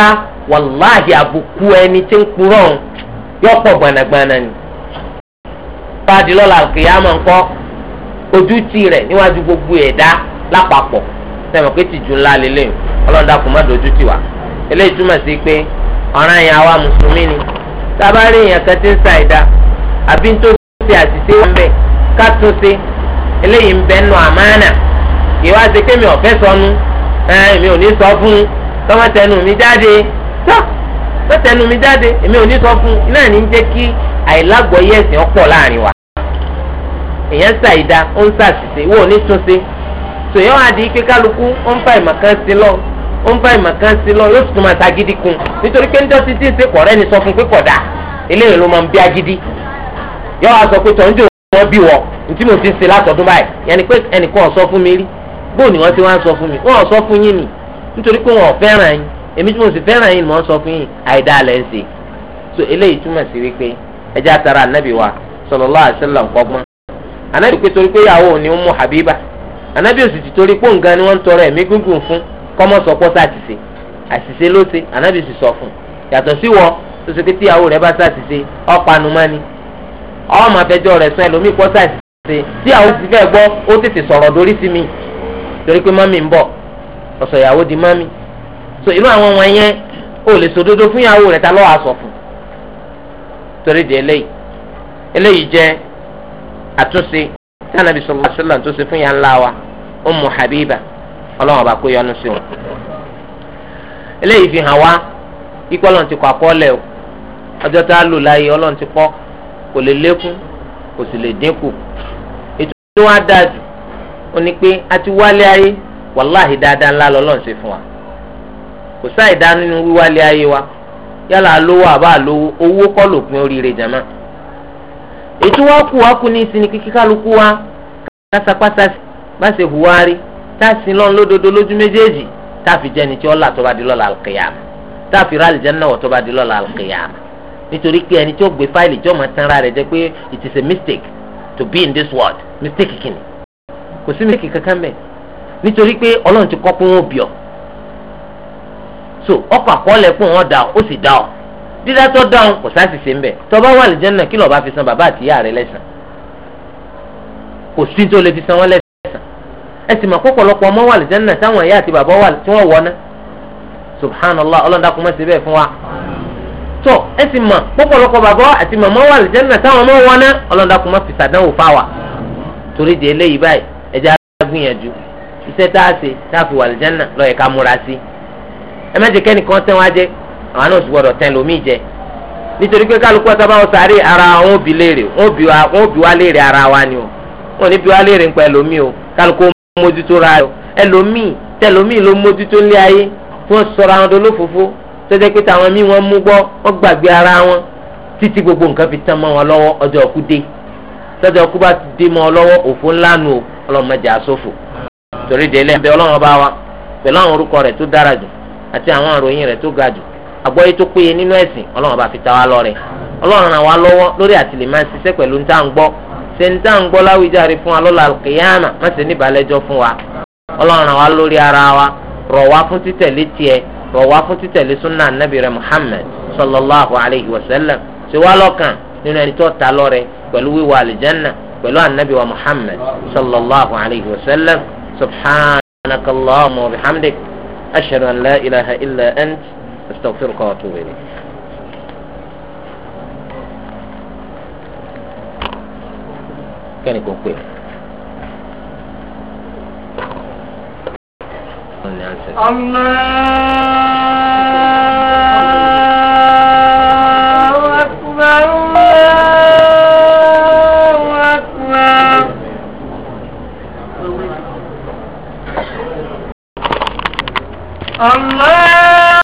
wàláhì àbùkù ẹni tí ń purọ́ yọ̀pọ̀ gbanagbana ni fáadì lọ́la àlùkìyàmà ńkọ́ ojú tì rẹ̀ níwájú gbogbo ẹ̀dá lápapọ̀ sẹ́wọ̀n pé tìjú ńlá lélẹ̀ ọlọ́dà má dojú tiwa eléyìí túmọ̀ sí pé ọ̀ràn yẹn àwa mùsùlùmí ni sábà rí kan tí ń sa àbí tó ṣe àṣìṣe wọn bẹ ká tún ṣe eléyìí ń bẹ nù àmánà ìwà ṣe pé jáde tọ́ jáde èmi ò ní sọ fún iná ní jẹ́ kí ọ̀pọ̀ láàrin wa èèyàn ó sòyọ́ àdì pé kálukú ó ń fa ìmọ̀kan sí lọ ó ń fa ìmọ̀kan sí lọ yóò tún máa ta gidi kun nítorí pé níjọ́ títí ń ṣe kọ̀rẹ́ ni sọ fún pé kódà eléyìí ló máa ń bí agidi yọ wá sọ pé tọ́jú wọn bí wọ ntí mo ti ń ṣe látọ̀dún báyìí yẹnni pé ẹnìkan ò sọ fún mi rí bóun ni wọ́n ti wá ń sọ fún mi wọ́n ò sọ fún yín ni nítorí pé wọn ò fẹ́ràn yín èmi tí mo sì fẹ́ràn yín ni wọ́n sọ fún yín àìdá ń ṣe so eléyìí túmọ̀ sí wípé ẹja tara anabi wa sallallahu alaihi wasallam kọ́gbọ́n anabi pé torí pé ìyàwó ni Ummu Habiba anabi òsì ti torí pọ̀ nǹkan ni wọ́n ń tọrọ ẹ̀mí gígùn fún kọ́mọ sọ pọ́ sàtìsẹ́ àṣìṣe ló ṣe anabi sì sọ fún yàtọ̀ sí wọ tó ṣe pé tíyàwó rẹ bá sàtìsẹ́ ọ̀panumani ọmọ afẹjọ rẹ sún ẹlòmíì pọ́ sàtìsẹ́ tíyàwó ti fẹ́ gbọ́ ó tètè sọ̀rọ̀ dórí sí mi torí pé mọ́mì ń bọ̀ ọ̀sọ̀ ìyàwó di mọ́mì so irú àwọn wọn yẹn ó lè sòdodo fún ìyàwó rẹ ta lọ́wọ́ aṣọ fún torí di eléyìí eléyìí jẹ́ àtúnṣe sanabi sọlọ sọlọ tó ṣe fún yà wa Ummu Habiba Ọlọ́run ọba kó yọ́nú sí wọn. eléyìí fi hàn wá ikú Ọlọ́run ti kọ o ọjọ́ tá a lò kọ kò lè lékún kò sì lè dínkù ètò tó wá dáa jù ó ní pé a ti wálé ayé wàláhì dáadáa ńlá lọ́lọ́run ṣe fún wa kò wíwálé ayé wa yálà lówó ètò wa kú wa kú ní ìsinmi kíkí kálukú wa kásápásá bá ṣe huwari tá a sin lọ́n lódodo lójú méjèèjì tá a fi jẹ́ ni tí tó bá di lọ́la alqiyama tá a fi tó bá di lọ́la nítorí pé ẹni tí gbé fáìlì tán pé it is a mistake to be in this world mistake kìíní kò sí mistake kankan nítorí pé ọlọ́run ti kọ́ so ọkọ̀ àkọọ́lẹ̀ dà ó dídá tó dáhùn kò sá sì ṣe ń bẹ̀ tó bá wà àlùjánnà kí lọ́ọ́ bá fi san bàbá àti ìyá rẹ̀ lẹ́sàn kò sí tó lè fi san wọ́n lẹ́sàn ẹ sì mọ̀ pọ̀pọ̀lọpọ̀ ọmọ wà àlùjánnà táwọn ìyá àti bàbá wà tí wọ́n wọ̀ ná subhanallah ọlọ́dà kò mọ̀ sí bẹ́ẹ̀ fún wa tó ẹ sì mọ̀ pọ̀pọ̀lọpọ̀ bàbá àti màmá wà àlùjánnà táwọn ọmọ wọn ná ọlọ́dà kò mọ̀ fi sàdánwò fáwa torí di eléyìí báyìí ẹ jẹ́ á gbìyànjú iṣẹ́ tá a ṣe tá a fi wà àlùjánnà lọ́yẹ̀ká múra sí ẹ má jẹ́ kẹ́nìkan tẹ́ wọn á jẹ́ àwọn náà sì gbọdọ̀ tẹ́ lómi jẹ nítorí pé kálukú ọ̀tá bá wọn sáré ara wọn òbí léèrè wọn òbí wá léèrè ara wa ni o wọn ò ní bí wá léèrè ń pa ẹlòmíì o kálukú mójútó ra ẹlòmíì tẹlòmíì ló mójútó lé ayé tí wọn sọra wọn dolófòfó tẹ́tẹ́ pé táwọn míì wọn mú gbọ́ wọn gbàgbé ara wọn títí gbogbo nǹkan fi tán mọ́ wọn lọ́wọ́ ọjọ́ ọkú dé tọ́jọ́ ọkú bá ti dé mọ́ ọ lọ́wọ́ òfò ńlá nu ọlọ́mọdé àsófò torí délé ẹ̀ bẹ́ẹ̀ àgbọ́yé tó péye nínú ẹ̀sìn ọlọ́run bá fi ta wá lọ́rẹ̀ ọlọ́run ràn wá lọ́wọ́ lórí àtìlè máa ń ṣiṣẹ́ pẹ̀lú ń tá à ń gbọ́ ṣe ń tá à ń gbọ́ láwùjáre fún wa lọ́la kìyàmà má ṣe ní ìbálẹ́jọ́ fún wa ọlọ́run ràn wá lórí ara wa rọ̀ wá fún títẹ̀lé tiẹ̀ rọ̀ wá fún títẹ̀lé sunna anabi rẹ̀ Muhammad sallallahu alayhi wa sallam ṣe wá lọ́kàn nínú ẹni tó ta lọ́rẹ̀ pẹ̀lú wíwá alìjánná pẹ̀lú anabi wa Muhammad sallallahu alayhi wa sallam subhanakallahumma wa bihamdik ashhadu an la ilaha illa ant أستغفرك وأتوب إليك kẹ́ni kò pè. الله أكبر الله أكبر الله